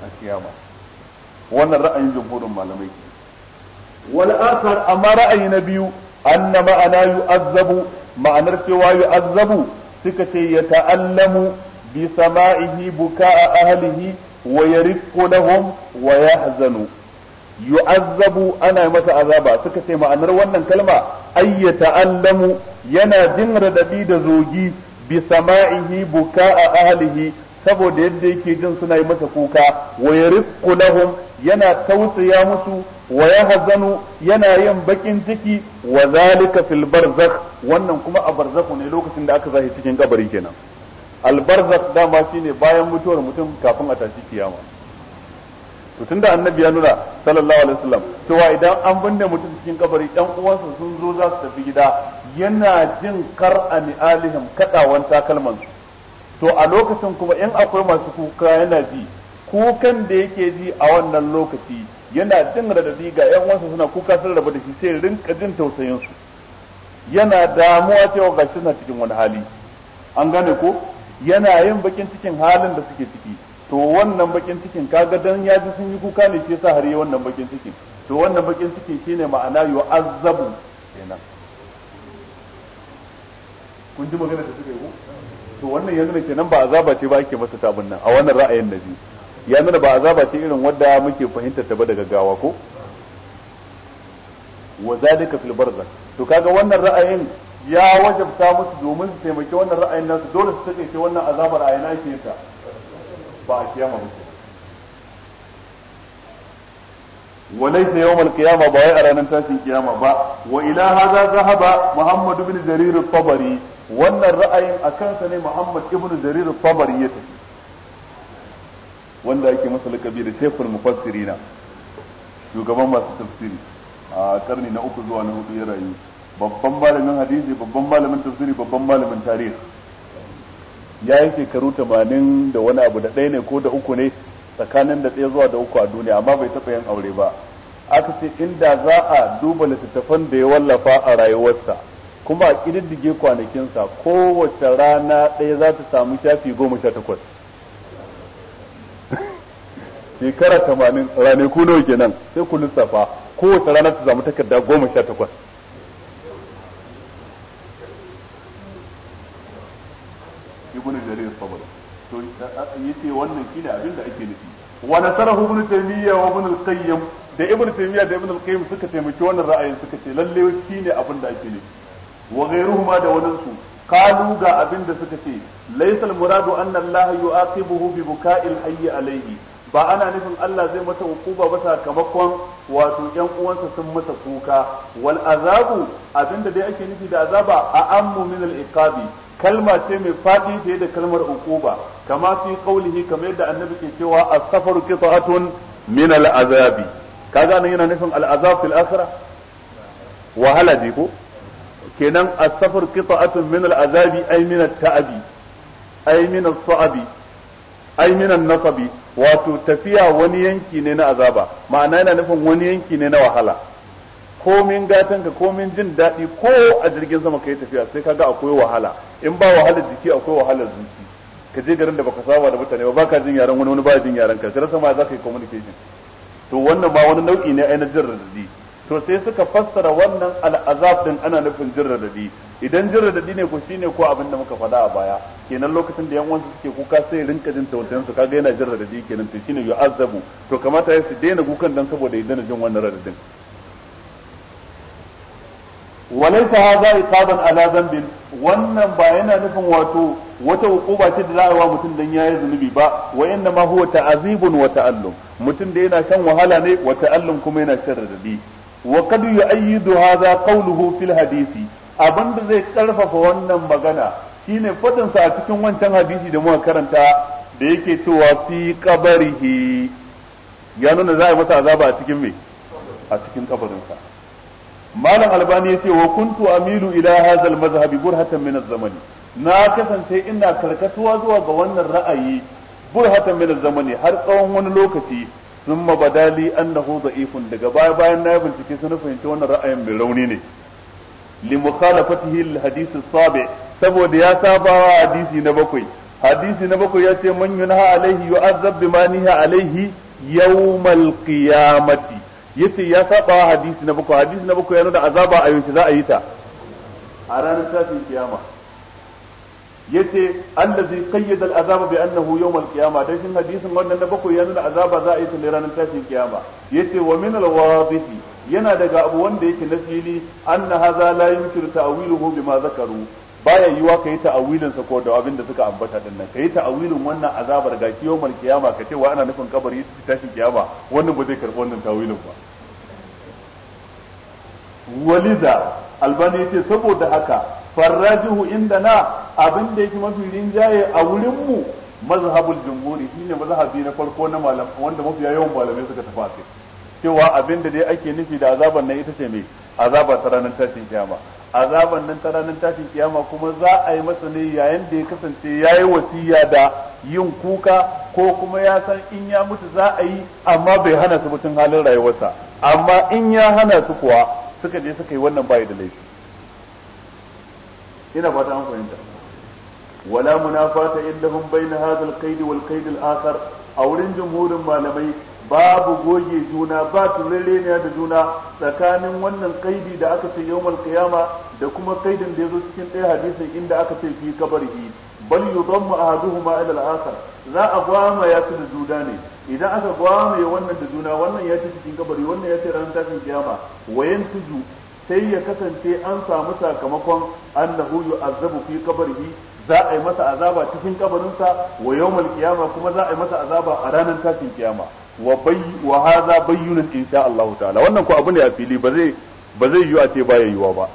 a kiyama wannan ra'ayin jumhurin malamai wal akhar amma ra'ayi na biyu anna ma'ana yu'azzabu ma'anar cewa yu'azzabu suka ce ya ta'allamu bi sama'ihi buka'a ahlihi wa yarifqu lahum wa yahzanu yu'azzabu ana masa azaba suka ce ma'anar wannan kalma ay ya ta'allamu yana jin raɗaɗi da zogi bi sama'ihi a ahlihi saboda yadda yake jin suna yi masa kuka wa yarifqu lahum yana tausaya musu wa hazanu yana yin bakin ciki wa zalika fil wannan kuma a barzakhu ne lokacin da aka zahi cikin kabari kenan al dama shine bayan mutuwar mutum kafin a tashi kiyama to tunda annabi ya nuna sallallahu alaihi wasallam cewa idan an binne mutum cikin kabari dan uwansa sun zo za su tafi gida yana jin kar'ani alihim kadawan takalman to a lokacin kuma in akwai masu kuka yana ji kukan da yake ji a wannan lokaci yana jin radadi ga yan uwansa suna kuka sun rabu da shi sai rinka jin tausayin su yana damuwa cewa ga shi suna cikin wani hali an gane ko yana yin bakin cikin halin da suke ciki to wannan bakin cikin kaga dan ya ji sun yi kuka ne shi yasa har yi wannan bakin cikin to wannan bakin cikin shine ma'ana yu'azzabu kenan kun ji magana da suke yi ko to wannan yanzu ne kenan ba azaba ce ba ake masa tabun nan a wannan ra'ayin nabi ya nuna ba azaba ce irin wadda muke fahimtar ta ba da gaggawa ko wa zalika fil barzakh to kaga wannan ra'ayin ya wajabta musu domin su taimaki wannan ra'ayin nasu dole su take wannan azabar a yana ke ta ba a kiyama ba. wa laysa yawon al ba wai a ranar tashin kiyama ba wa ila hadha zahaba muhammad ibn jarir at-tabari wannan ra'ayin akan sa ne muhammad ibn jarir at-tabari ya tafi wanda yake masa lakabi da shekul mufassirina shugaban masu tafsiri a karni na uku zuwa na hudu ya rayu babban malamin hadisi babban malamin tafsiri babban malamin tarihi ya yi shekaru tamanin da wani abu da ɗaya ne ko da uku ne tsakanin da ɗaya zuwa da uku a duniya amma bai taɓa yin aure ba aka ce inda za a duba littattafan da ya wallafa a rayuwarsa kuma a ƙididdige kwanakinsa kowace rana ɗaya za ta samu shafi goma sha takwas shekara tamanin ko nawa kenan sai ku lissafa kowace rana ta samu takarda goma sha takwas ibnu jarir sabr to yace wannan shine abin da ake nufi wa nasarahu ibnu taymiya wa ibnu al-qayyim da ibnu taymiya da ibnu al-qayyim suka taimaki wannan ra'ayin suka ce lalle shine abin da ake nufi wa ghayruhuma da wannan su qalu ga abin da suka ce laysa al-muradu anna Allah yu'aqibuhu bi buka'il hayy alayhi ba ana nufin Allah zai mata hukuba ba sakamakon wato ƴan uwansa sun masa kuka wal azabu abinda dai ake nufi da azaba a ammu min al iqabi kalma ce mai fadi fiye da kalmar hukuba kama fi qawlihi kamar yadda annabi ke cewa as-safaru qita'atun min al azabi kaga nan yana nufin al azab fil akhirah wahala ne ko kenan as-safaru qita'atun min al azabi ay min at ta'abi ay min as-sa'abi ai nasabi wato tafiya wani yanki ne na azaba ma'ana yana nufin wani yanki ne na wahala komin ko komin jin daɗi ko a jirgin sama ka yi tafiya sai ka ga akwai wahala in ba wahalar jiki akwai wahalar zuci ka je garin da baka saba da mutane ba baka jin yaren wani wani ba jin yaren ka sai ma za ka yi communication to wannan ba wani nau'i ne ainihin jin radadi to sai suka fassara wannan al'azab din ana nufin jin radadi idan jin radadi ne ko shine ko abin da muka faɗa a baya kenan lokacin da yan uwansa suke kuka sai rinka jin tausayin su kaga yana jin radadi kenan to shine yu'azzabu to kamata ya su daina kukan dan saboda ya daina jin wannan radadin walaysa hadha iqaban ala dhanbin wannan ba yana nufin wato wata hukuma ce da za a wa mutum dan yayi zunubi ba wa inna ma huwa ta'azibun wa ta'allum mutum da yana shan wahala ne wa ta'allum kuma yana shan radadi wa kad yu'ayyidu hadha qawluhu fil hadisi abinda zai karfafa wannan magana shi ne fatansa a cikin wancan hadisi da muka karanta da yake cewa fi qabrihi ya nuna za a yi masa azaba a cikin mai a cikin kabarin malam albani ce wa kuntu amilu ila hadha mazhabi burhatan min zamani na kasance ina karkatuwa zuwa ga wannan ra'ayi burhatan min zamani har tsawon wani lokaci sun ثم an لي انه ضعيف daga baya bayan na yi bincike sun fahimci wannan ra'ayin mai rauni ne li mukhalafatihi al hadith as-sabi saboda ya saba wa hadisi na bakwai hadisi na bakwai ya ce man yunha alaihi azab bi maniha alaihi yawmal qiyamati yace ya saba wa hadisi na bakwai hadisi na bakwai ya nuna azaba a yanki za a yi ta a ranar tashin kiyama yace allazi qayyada al'azaba bi annahu yawm al-qiyama dan shin hadisin wannan na bakwai ya nuna azaba za a yi ta ranar tashin kiyama yace wa min al-wadihi yana daga abu wanda yake na fili anna hadha la yumkin ta'wiluhu bima zakaru baya yiwa ka yi ta'awilin sa ko da abin da suka ambata din nan kai ta'awilin wannan azabar ga kiyama ka ce wa ana nufin kabari tashin kiyama wannan ba zai karbi wannan ta'awilin ba Waliza albani yace saboda haka farrajihu indana abin da yake mafi rinjaye a wurin mu mazhabul jumhuri shine mazhabi na farko na malam wanda mafi yawan malamai suka tafi cewa abin da dai ake nufi da azabar nan ita ce me azabar ta ranar tashin kiyama azaban nan ta ranar tashin kiyama kuma za a yi masa ne yayin da ya kasance ya yi wasiya da yin kuka ko kuma ya san in ya mutu za a yi amma bai hana su mutum halin rayuwarsa amma in ya hana su kuwa suka je suka yi wannan bayi da laifi ina fata an fahimta wala munafata illahum bayna hadha al-qaid wal qaid al-akhar a wurin jumhurin malamai babu goge juna ba turereniya da juna tsakanin wannan kaidi da aka ce yawmal qiyama da kuma kaidin da ya zo cikin ɗaya hadisin inda aka ce fi kabarihi bal yudammu ahaduhuma ila al-akhar za a gwama ya da juna ne idan aka gwama ya wannan da juna wannan ya ce cikin kabari wannan ya ce ran tashin kiyama wayan tuju sai ya kasance an samu sakamakon annahu yu'azzabu fi kabarihi za a yi masa azaba cikin kabarinsa wa yawmal qiyama kuma za a yi masa azaba a ranar tashin kiyama wa bay wa hadha bayyinun insha Allah ta'ala wannan ko abu ne a fili ba zai ba zai yiwu a ce baya yiwuwa ba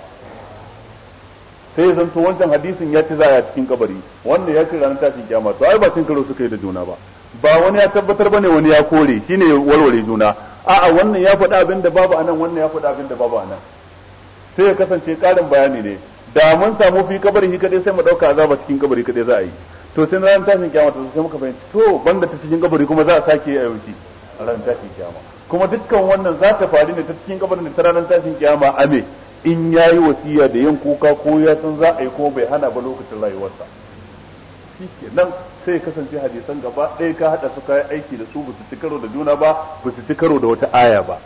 sai zan to wancan hadisin ya ci zaya cikin kabari wannan ya ce ranar tashin kiyama to ai ba cin karo suka yi da juna ba ba wani ya tabbatar bane wani ya kore shine warware juna a'a wannan ya faɗa abin da babu anan wannan ya faɗa abin da babu anan sai ya kasance ƙarin bayani ne da mun samu fi kabari kadai sai mu ɗauka azaba cikin kabari kadai za a yi to sai ran tashin kiyama to sai muka fahimci to banda ta cikin kabari kuma za a sake yi a yauci ran tashin kiyama kuma dukkan wannan za ta faru ne ta cikin kabarin da ta ranar tashin kiyama a in yayi wasiya da yin kuka ko ya san za a yi ko bai hana ba lokacin rayuwarsa nan sai kasance hadisan gaba ɗaya ka haɗa su kayan aiki da su basu ci karo da juna ba basu ci karo da wata aya ba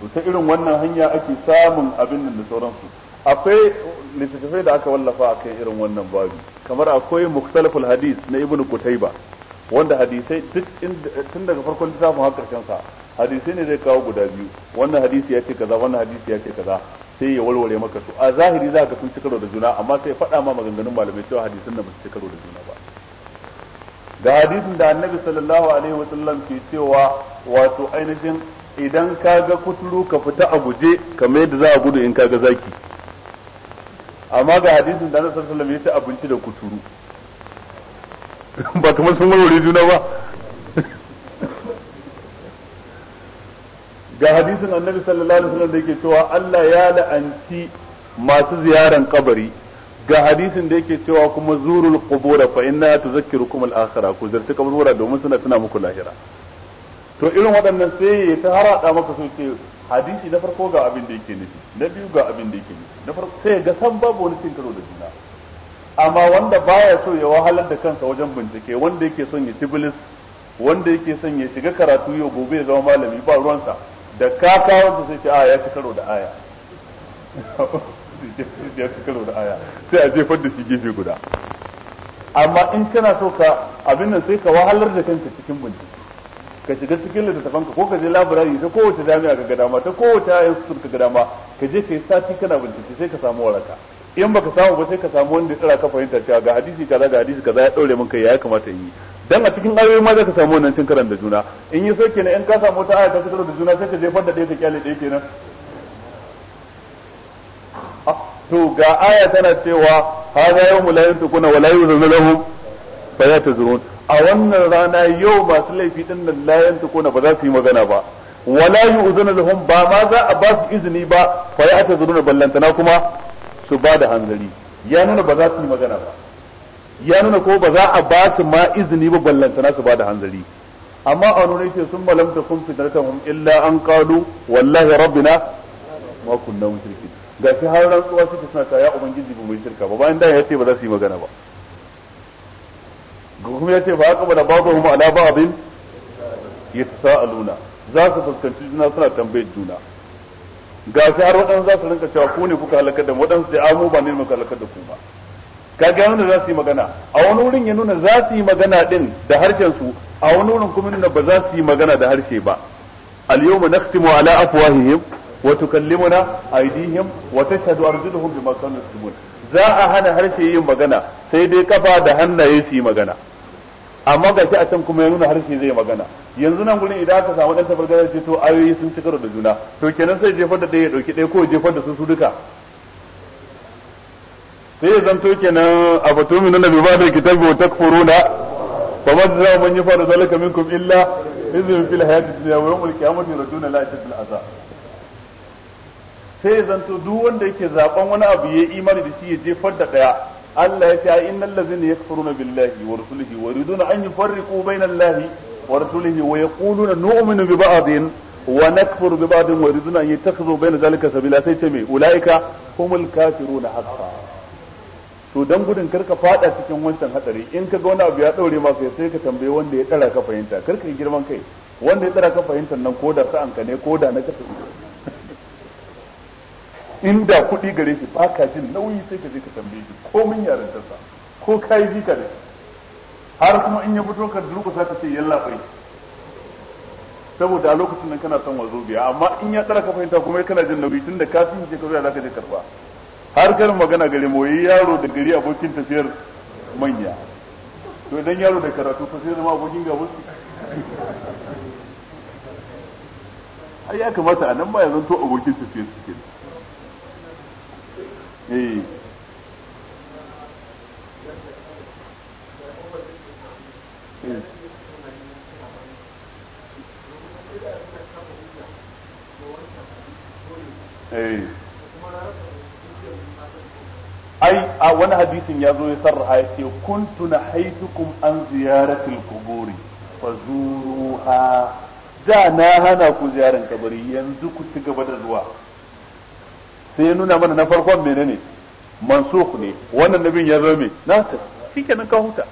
to ta irin wannan hanya ake samun abin da sauransu akwai littattafai da aka wallafa a kan irin wannan babu kamar akwai muktalaful hadis na ibn kutaiba wanda hadisai duk tun daga farkon littafin har karshen sa hadisai ne zai kawo guda biyu wannan hadisi ya ce kaza wannan hadisi ya ce kaza sai ya walware maka su a zahiri za ka sun ci karo da juna amma sai faɗa ma maganganun malamai cewa hadisin da ba su ci karo da juna ba ga hadisin da annabi sallallahu alaihi wa sallam ke cewa wato ainihin idan ka ga kuturu ka fita a guje kamar yadda za a gudu in ka ga zaki amma ga hadisin da Annabi sallallahu alaihi wasallam ya ci abinci da kuturu ba kamar sun warware juna ba ga hadisin annabi sallallahu alaihi wasallam da yake cewa Allah ya la'anci masu ziyaran kabari ga hadisin da yake cewa kuma zurul qubur fa inna tuzakkirukum al-akhirah ku zarti kabura domin suna tuna muku lahira to irin waɗannan sai ya ta harada maka sun ce hadisi na farko ga abin da yake nufi na biyu ga abin da yake nufi na farko sai ga san babu wani cin karo da juna amma wanda baya so ya wahalar da kansa wajen bincike wanda yake son ya tibilis wanda yake son ya shiga karatu yau gobe ya zama malami ba ruwansa da ka kawo sai ce a ah, ya ci karo da aya [laughs] ya ci karo da aya sai a jefar da shi gefe guda amma in kana so ka abin nan sai ka wahalar da kanka cikin bincike ka shiga cikin littattafan ka ko ka je labirari ta kowace jami'a ka ga dama ta kowace institution ka ga dama ka je ka yi sati kana bincike sai ka samu waraka in baka samu ba sai ka samu wanda ya tsara ka fahimta cewa ga hadisi kaza ga hadisi kaza ya daure min kai ya kamata yi dan a cikin ayoyi ma za ka samu wannan cin karan da juna in yi sauke kenan in ka samu wata aya ta fitar da juna sai ka jefar da ɗaya ka kyale ɗaya kenan ah, to ga aya tana cewa hada yawmu la tukuna wa la yuzunu lahum fa yatazurun a wannan rana yau masu laifi din nan la yantukuna ba za su yi magana ba wala yu'zanu lahum ba ma za a ba su izini ba fa ya ta zuruna ballantana kuma su ba da hanzari ya nuna ba za su yi magana ba ya nuna ko ba za a ba su ma izini ba ballantana su ba da hanzari amma a nuna yake sun malamta kun hum illa an qalu wallahi rabbina ma kunna mushrikin shi har rantsuwa suke suna ta ya ubangiji ba mai shirka ba bayan da ya ce ba za su yi magana ba kuma ya ce ba haka ba da babu ya ala ba'din luna za su fuskanci juna suna tambayar juna ga shi har waɗansu za su rinka cewa ku ne kuka halakar da mu waɗansu sai amu ba ne muka halakar da ku ba ka ga nuna za su yi magana a wani wurin ya nuna za su yi magana din da harshen su a wani wurin kuma nuna ba za su yi magana da harshe ba al-yawma nakhtimu ala afwahihim wa tukallimuna aydihim wa tashhadu arjuluhum bima kanu yaksubun za a hana harshe yin magana sai dai kafa da hannaye su yi magana amma ga shi a can kuma ya nuna harshe zai magana yanzu nan gurin idan aka samu dan tabargara ce to ayoyi sun ci karo da juna to kenan sai jefar da ɗaya ya ɗauki ɗaya ko jefar da su su duka sai ya zanto kenan a batumi na nabi ba da kitabi wa takfuruna fa ma zama man fara zalika minkum illa izin fil hayati dunya wa yawmul qiyamati raduna la tadil asa sai ya zanto duk wanda yake zaben wani abu ya imani da shi ya jefar da ɗaya Allah ya ce ai innal ladzina yakfuruna billahi wa rusulihi wa yuriduna an yufarriqu baina Allahi wa rusulihi wa yaquluna nu'minu bi ba'din wa nakfuru bi ba'din wa yuriduna an yattakhidhu baina zalika sabila sai ce me ulaika humul kafiruna haqqan to dan gudun karka fada cikin wancan hadari in ka ga wani abu ya daure maka sai ka tambaye wanda ya tsara ka fahimta karka girman kai wanda ya tsara ka fahimtar nan ko da ka ne ko da na kasa inda kuɗi gare shi ba ka jin nauyi sai ka je ka tambaye shi ko komin yarantarsa ko ka yi jika da har kuma in ya fito ka sa ka ce yalla bai saboda a lokacin nan kana son wazo biya amma in ya tsara ka fahimta kuma kana jin nauyi tunda ka fi ce ka zo zaka je karba har karin magana gare moyi yaro da gari abokin tafiyar manya to idan yaro da karatu fa sai zama abokin gaban ai ya kamata a nan ba ya zanto abokin tafiyar su kenan Eh. Eh. ai a wani hadisin ya zo ya sarraha ya ce kuntu na haitukum an ziyaratul kuburi fa zuruha da na hana ku ziyaran kabari yanzu ku ci gaba da zuwa sai ya nuna mana na farkon menene mansukh ne wannan nabin ya zama nasir shikenan ka huta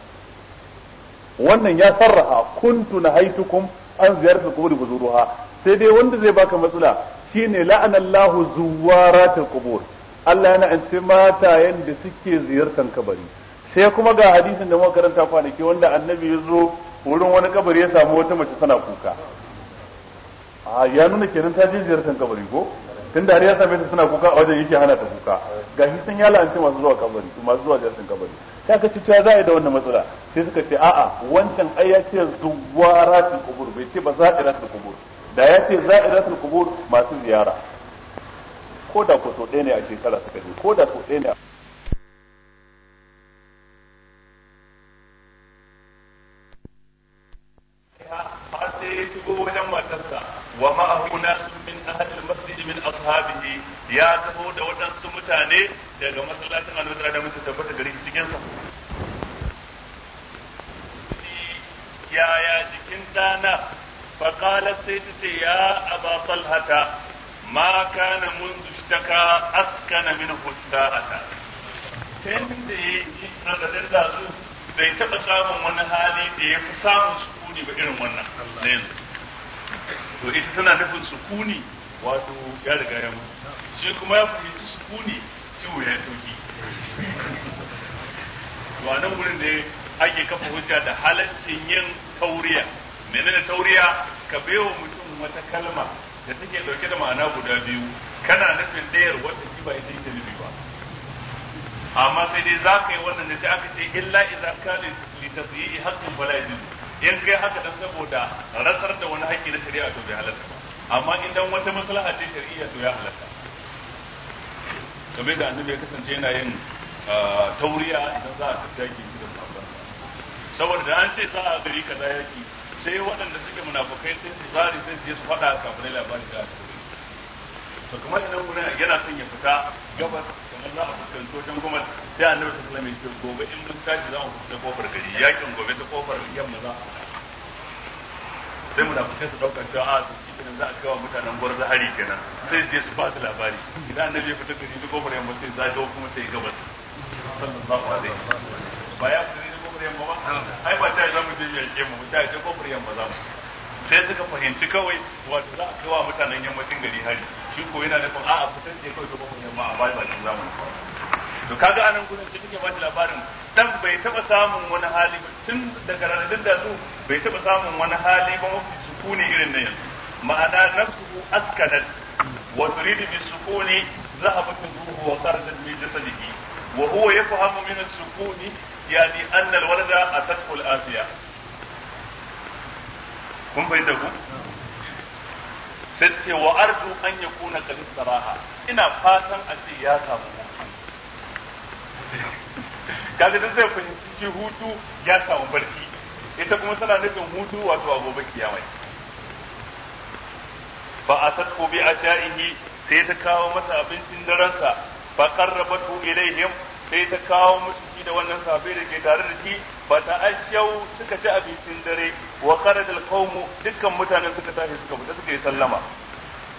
wannan ya sarraha kuntu haitukun an ziyarta qubur buzuruha sai dai wanda zai baka matsala shine la'anallahu zuwaratul qubur Allah yana na'anci mata da suke ziyartar kabari sai kuma ga hadisin da muka karanta kwanaki wanda annabi ya zo wurin wani kabari ya samu wata mace tana kuka a ya nuna kenan ta je ziyartar kabari ko tun da har ya same su suna kuka a wajen yake hana ta kuka gashi sun ya la'anci masu zuwa kabari masu zuwa jarsin kabari sai aka ce za a yi da wannan matsala sai suka ce a'a wancan ai ya ce zuwaratul kubur bai ce ba za a za'iratul kubur da ya ce za'iratul kubur masu ziyara ko da ko so ɗaya ne a shekara suka ce ko da so ɗaya ne a ya shigo wajen matarsa wa ma'ahu nasu min ahadil min ashabihi ya taho da waɗansu mutane daga masallacin annabi da mutum tabbata gari cikin sa ya jikin dana fa qala ta ya aba talhata ma kana mundu shtaka askana min الساعة tun da bai taba samun wani hali da ya fi samun sukuni ba irin wannan na yanzu to ita tana nufin sukuni wato ya riga ya mutu shi kuma ya fahimci sukuni ciwo ya sauki to a nan gurin ne ake kafa hujja da halaccin yin tauriya menene tauriya ka bewa mutum wata kalma da take dauke da ma'ana guda biyu kana nufin dayar wata shi ba ita yake nufi ba amma sai dai za ka yi wannan ne sai aka ce illa idza ka li tasyi'i haqqin fala in kai haka dan saboda rasar da wani haƙƙi na shari'a to bai halatta ba amma idan wata maslaha ce shari'a to ya halatta kamar da annabi ya kasance yana yin tauriya idan za a tafi yaki da mafansa saboda da an ce za a gari kaza yaki sai waɗanda suke munafukai sai su zari sai su je su faɗa kafin labari da to kamar idan gurin yana son ya fita gabas kamar za a fuskanci wajen goma sai annabi sallallahu alaihi wasallam gobe in mun tashi za mu fita kofar gari yakin gobe ta kofar yamma za a fita sai munafukai su ɗaukar cewa a su kenan za a kawo mutanen gwarza hari kenan sai je su ba su labari idan annabi ya fita gari ta kofar yamma sai zagawo kuma sai gabas sallallahu alaihi ba ya fita gari kofar yamma ba ai ba ta zamu je je yaƙe mu ta ta kofar yamma za mu sai suka fahimci kawai wato za a kawo mutanen yammacin gari hari shi ko yana nufin a'a fitar je kawai ta kofar yamma a bai bakin zamu to kaga anan gudun ta take ba labarin dan bai taba samun wani hali tun daga ranar da su bai taba samun wani hali ba mafi sukuni irin na yanzu ma'ana nafsuhu askanat wa turidu bisukuni ذهبت الروح وخرجت من جسده وهو يفهم من السكون يعني أن الولد أتته الآسية kun bai ku sai wa arju an kuna saraha ina fatan a ce ya samu kaga duk zai fahimci hutu ya samu barci ita kuma tana nufin hutu wato agobe kiyamai ba a satko bi a sha'ihi sai ta kawo masa abincin daransa ba yi ilaihim sai ta kawo musu shi da wannan sahabbai da ke tare da shi ba ta ashiyau suka ci abincin dare wa da qawmu dukkan mutanen suka tashi suka fita suka yi sallama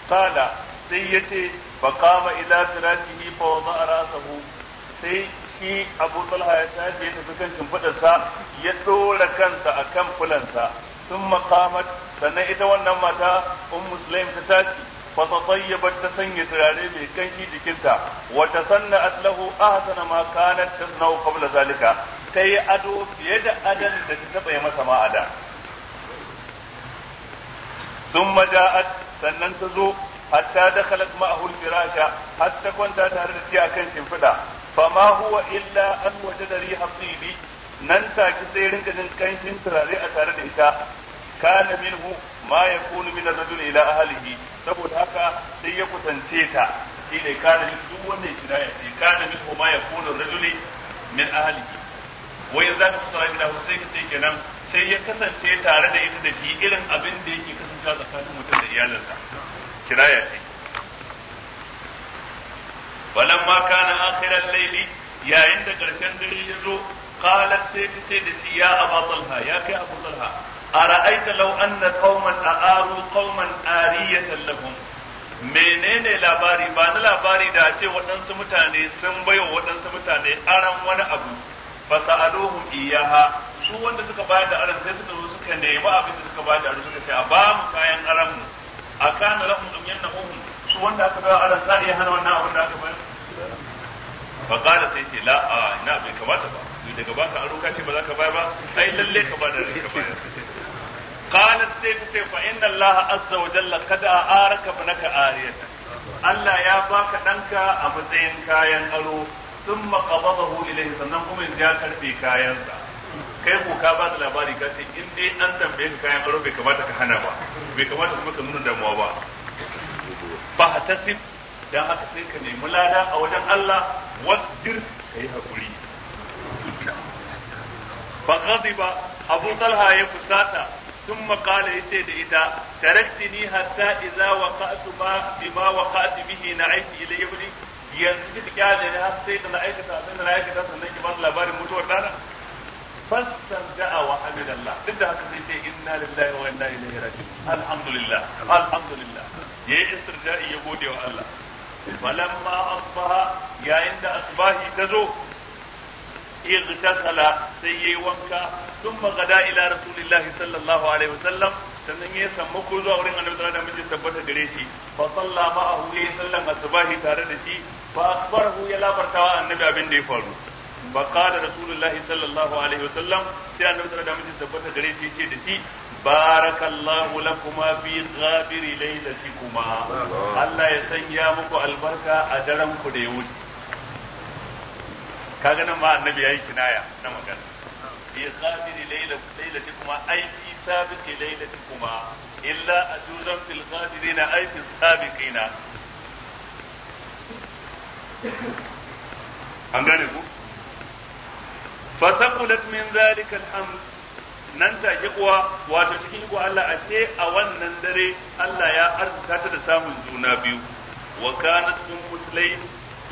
sala sai ya yace ba kama ila siratihi fa wada'a sahu sai shi Abu Talha ya tashi ya tafi kan shimfiɗarsa ya ɗora kansa a kan fulansa sun makamat sannan ita wannan mata un musulaim ta tashi fatatayyabar ta sanya turare mai kanki jikinta wata sanna atlahu ahsana ma kanat tasnau qabla zalika ta yi ado fiye da adan da ta taba masa ma ada thumma ja'at sannan ta zo hatta dakhalat ma'ahu al-firasha hatta kwanta tare da shi akan shimfida fama huwa illa an wajada riha tibi nan take sai rinka jin kanshin turare a tare da ita kana minhu ma yakunu min ar-rajul ila ahlihi saboda haka sai ya kusance ta ne kana min duk wanda ya kira ya ce kana minhu ma yakunu ar-rajul min ahlihi wai yanzu ka tsara gida sai ka ce kenan sai ya kasance tare da ita da shi irin abin da yake kasancewa tsakanin mutum da iyalinsa kiraya ce balamma kana akhiral layli yayin da karshen dare ya zo qalat sai ta ce da shi ya aba talha ya kai abu talha ara'aita law anna qauman a'aru qauman ariyatan lahum menene labari ba na labari da ce waɗansu mutane sun baiwa waɗansu mutane aran wani abu fa sa'aluhum iyaha su wanda suka bayar da aran sai suka zo suka nemi abin da suka bayar da aran suka ce a ba mu kayan aran mu akana lahum dum yanahum su wanda aka bayar aran za iya hana wannan abin da aka bayar fa qala sai ce la a ina bai kamata ba daga baka aro ka ce ba za ka bayar ba ai lalle ka ba da ka bayar qalat sai ta ce fa inna Allah azza wa jalla qad araka banaka ariyata. Allah ya baka danka a matsayin kayan aro thumma qabadahu ilayhi sannan kuma ya karbe sa. kai ko ka ba da labari ka ce in dai an tambaye ka kayan aro bai kamata ka hana ba bai kamata kuma ka nuna damuwa ba fa hatasib dan haka sai ka nemi lada a wajen Allah wasdir kai hakuri fa ghadiba abu talha ya fusata thumma qala yace da ita taraktini hatta idza waqa'tu ma bima waqa'tu bihi na'aytu ila ibni yanzu kika na aikata abin da na aikata sannan ki bani labarin ya wa Allah yayin da asbahi igtasala sai yayi wanka thumma gada ila rasulillahi sallallahu alaihi wasallam sannan ya samu ko zuwa wurin annabi sallallahu alaihi wasallam tabbata gare shi fa sallama ma'ahu ya sallan asbahi tare da shi fa akhbarahu ya labartawa annabi abin da ya faru fa qala rasulullahi sallallahu alaihi wasallam sai annabi sallallahu alaihi wasallam tabbata gare shi ce da shi barakallahu lakuma fi ghabiri lailatikuma Allah ya sanya muku albarka a daren ku da ya wuce kaga nan ma annabi yayi kinaya na magana bi ghadir lailatikuma ay fi sabiqi kuma. illa ajuzan fil ghadirina ay fi sabiqina an gane ku fasaqulat min zalika alhamd nan take kuwa wato cikin ku Allah a ce a wannan dare Allah ya arzuta ta da samun juna biyu wa kanat ummu sulaim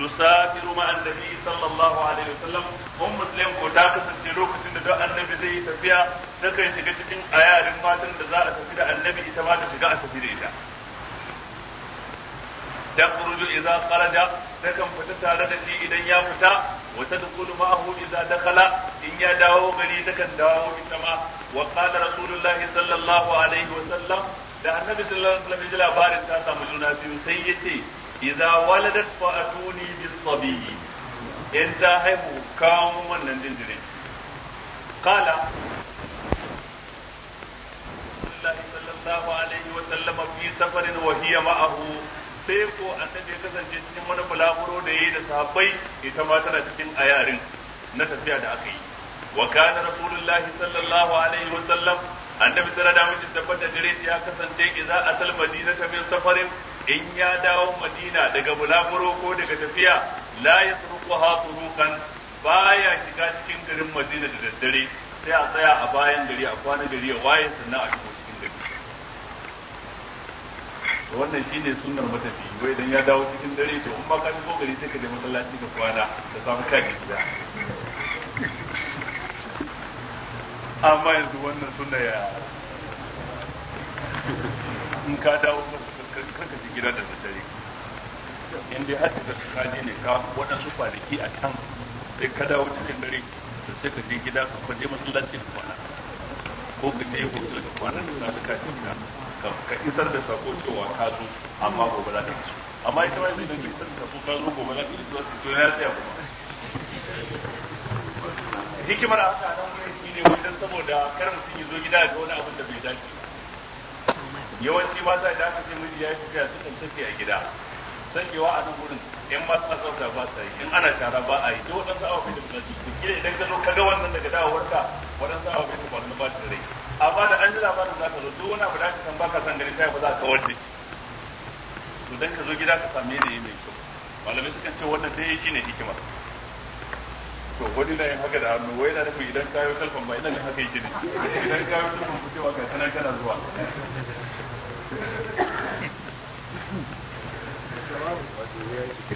تسافر مع النبي صلى الله عليه وسلم ام مسلم ko ta kasance lokacin da duk annabi zai yi tafiya ta kan shiga cikin ayarin matan da za a tafi da annabi ita ma ta shiga a tafi da ita تخرج إذا خرج تكن فتتارد في إذا يا فتا وتدخل معه إذا دخل إن يا غني تكن داو إنما وقال رسول الله صلى الله عليه وسلم da annabi sallallahu alaihi wasallam ya labarin ta samu juna biyu sai ya ce. idza waladat fa atuni bis sabiyyi in ta haihu kawo wannan jinjirin qala Allahi sallallahu alaihi wa sallama fi safarin sai annabi ya kasance cikin wani bulaguro da yayi da sahabbai ita ma tana cikin ayarin na tafiya da aka yi wa kana rasulullahi sallallahu alaihi wa sallam annabi sallallahu alaihi wa sallam tabbata ya kasance idza asal madinata min safarin in ya dawo madina daga bulaguro ko daga tafiya la ha turukan baya shiga cikin garin madina da daddare sai a tsaya a bayan gari a kwana gari ya waye sannan a shigo cikin gari wannan shine sunnar matafi wai idan ya dawo cikin dare to in ba ka shigo gari sai ka je masallaci ka kwana da samu ka gida amma yanzu wannan sunna ya in ka dawo gida da daddare in dai aka ga ka ne ka waɗansu kwanaki a can sai ka dawo cikin dare da sai ka je gida ka kwaje masallaci da kwana ko ka je hotel da kwana da safe ka tafi ka isar da sako cewa ka zo amma gobe za ka ci amma ita wani zai isar da sako ka zo gobe za ka ci zuwa su ya tsaya kuma hikimar haka nan wani ne wajen saboda kar mutum ya zo gida ga wani abin da bai dace yawanci ba sa da aka ce miji ya yi tafiya sukan sake a gida sakewa a nan gurin in ma suna tsafta ba sa yi in ana shara ba a yi ta waɗansu awa bai da bukaci da kila idan ka zo ka ga wannan daga dawowarka waɗansu awa bai da bukaci ba ta rai amma da an ji labarin za ka zo duk wani abu da aka san ba ka san gari ta ba za ka warke to dan ka zo gida ka same ni mai kyau malamai sukan ce wannan dai shine hikimar to wani na yin haka da hannu wai na nufin idan kayo kalfan ba ina ga haka yake ne idan kayo kalfan ku ka ga kana zuwa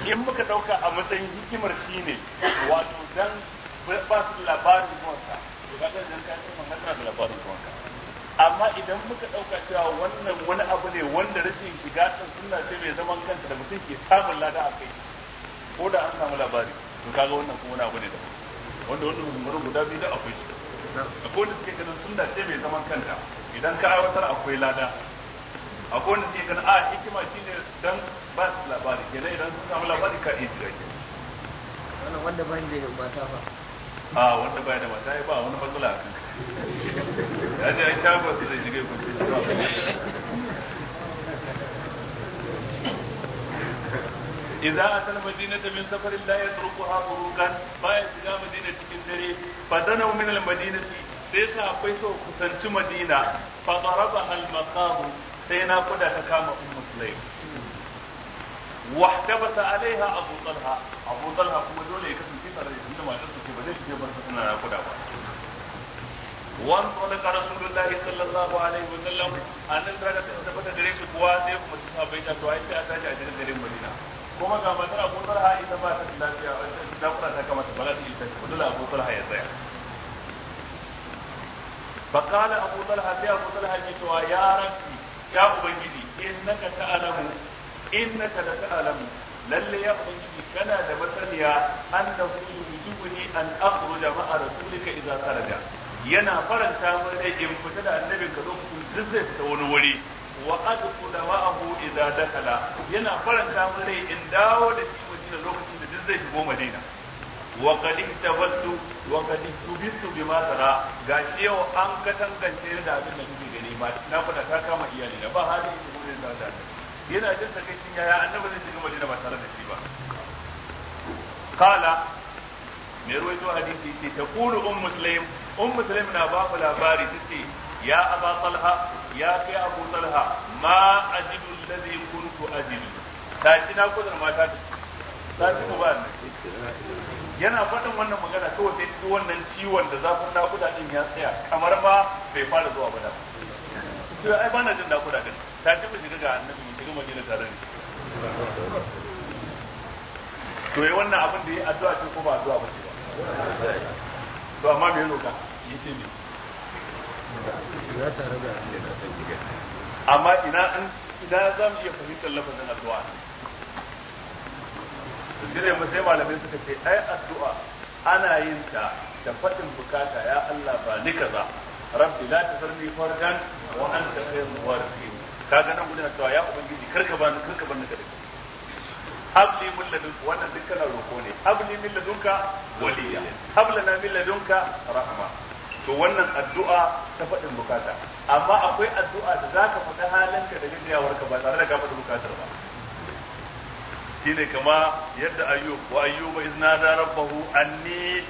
in muka dauka a matsayin hikimar shine wato dan ba su labarin zuwanka da kaga dan ka ce mun da labarin zuwanka amma idan muka dauka cewa wannan wani abu ne wanda rashin shiga kan sunna ce mai zaman kanta da mutum ke samun lada a kai ko da an samu labari to kaga wannan kuma wani abu ne da wanda wani mummunan guda biyu da akwai shi akwai wanda suke ganin sunna ce mai zaman kanta idan ka aiwatar akwai lada akwai wanda suke ganin a ah, hikima shine dan ba su labari kenan idan sun samu labari ka iya jira ke wannan wanda ba da mata fa a wanda ba da mata ba wani matsala a kan ya je ai shago su zai shiga ku idza atal madinata min safarin la yatrukuha burukan baya shiga madina cikin dare fadana min al madinati sai sa akwai so kusanci madina fa qaraba al sai na kuda ta kama ummu sulaim wahtabata alaiha abu talha abu talha kuma dole ya kasance tare da inda matar take ba zai je bar ta tana na kuda ba wan talaka rasulullah sallallahu alaihi wa sallam annan da ta tabbata gare shi kuwa sai kuma ta sabai ta to ai sai a tashi a cikin garin Madina kuma ga matar abu talha ita ba ta lafiya ta kuda ta kama ta ba za ta yi ta dole abu talha ya tsaya فقال أبو طلحة يا أبو طلحة يا ربي ya ubangiji innaka ta'lamu innaka la ta'lamu lalle ya ubangiji kana da masaniya annahu yujibuni an da ma'a rasulika idza kharaja yana faranta mun da in fita da annabin ka ku zai ta wani wuri wa adkhula ma'ahu idza dakala yana faranta mun rai in dawo da shi Madina lokacin da zai shigo Madina wa qad ihtabattu wa qad tubistu bima tara gashi yau an katangance da abin da gani. imani na kuda ta kama iyali na ba hali in shigo da zata yana jin sakaicin yaya annabi zai shiga madina ba tare da shi ba kala mai ruwaito hadisi ce ta kulu um muslim um muslim na ba ku labari tace ya aba talha ya kai abu talha ma ajidu alladhi kuntu ajidu ta ci na kudar mata ta ta ci ku ba yana faɗin wannan magana kawai sai wannan ciwon da zafin nakuda din ya tsaya kamar ba bai fara zuwa ba da cewa ai bana jin nakuda din ta ce mu shiga ga annabi mu shiga madina tare ne to yayi eh, wannan abin da yi addu'a ce ko ba addu'a ba ce ba. to amma me yi roka yace me amma ina an ina za mu iya fahimtar lafazin addu'a to shi ne mu sai malamai suka ce ai addu'a ana yin ta da faɗin bukata ya Allah ba ni kaza rabbi la tazarni fardan wa anta khayrul warithin kaga nan gudun cewa ya ubangiji karka bani karka bani kada habli min ladunka wannan dukkan roko ne habli min ladunka waliya hablana min ladunka rahma to wannan addu'a ta faɗin bukata amma akwai addu'a da zaka faɗi halinka da gajiyawarka ba tare da ka faɗi bukatar ba shine kama yadda ayyub wa ayyuba iznada rabbahu anni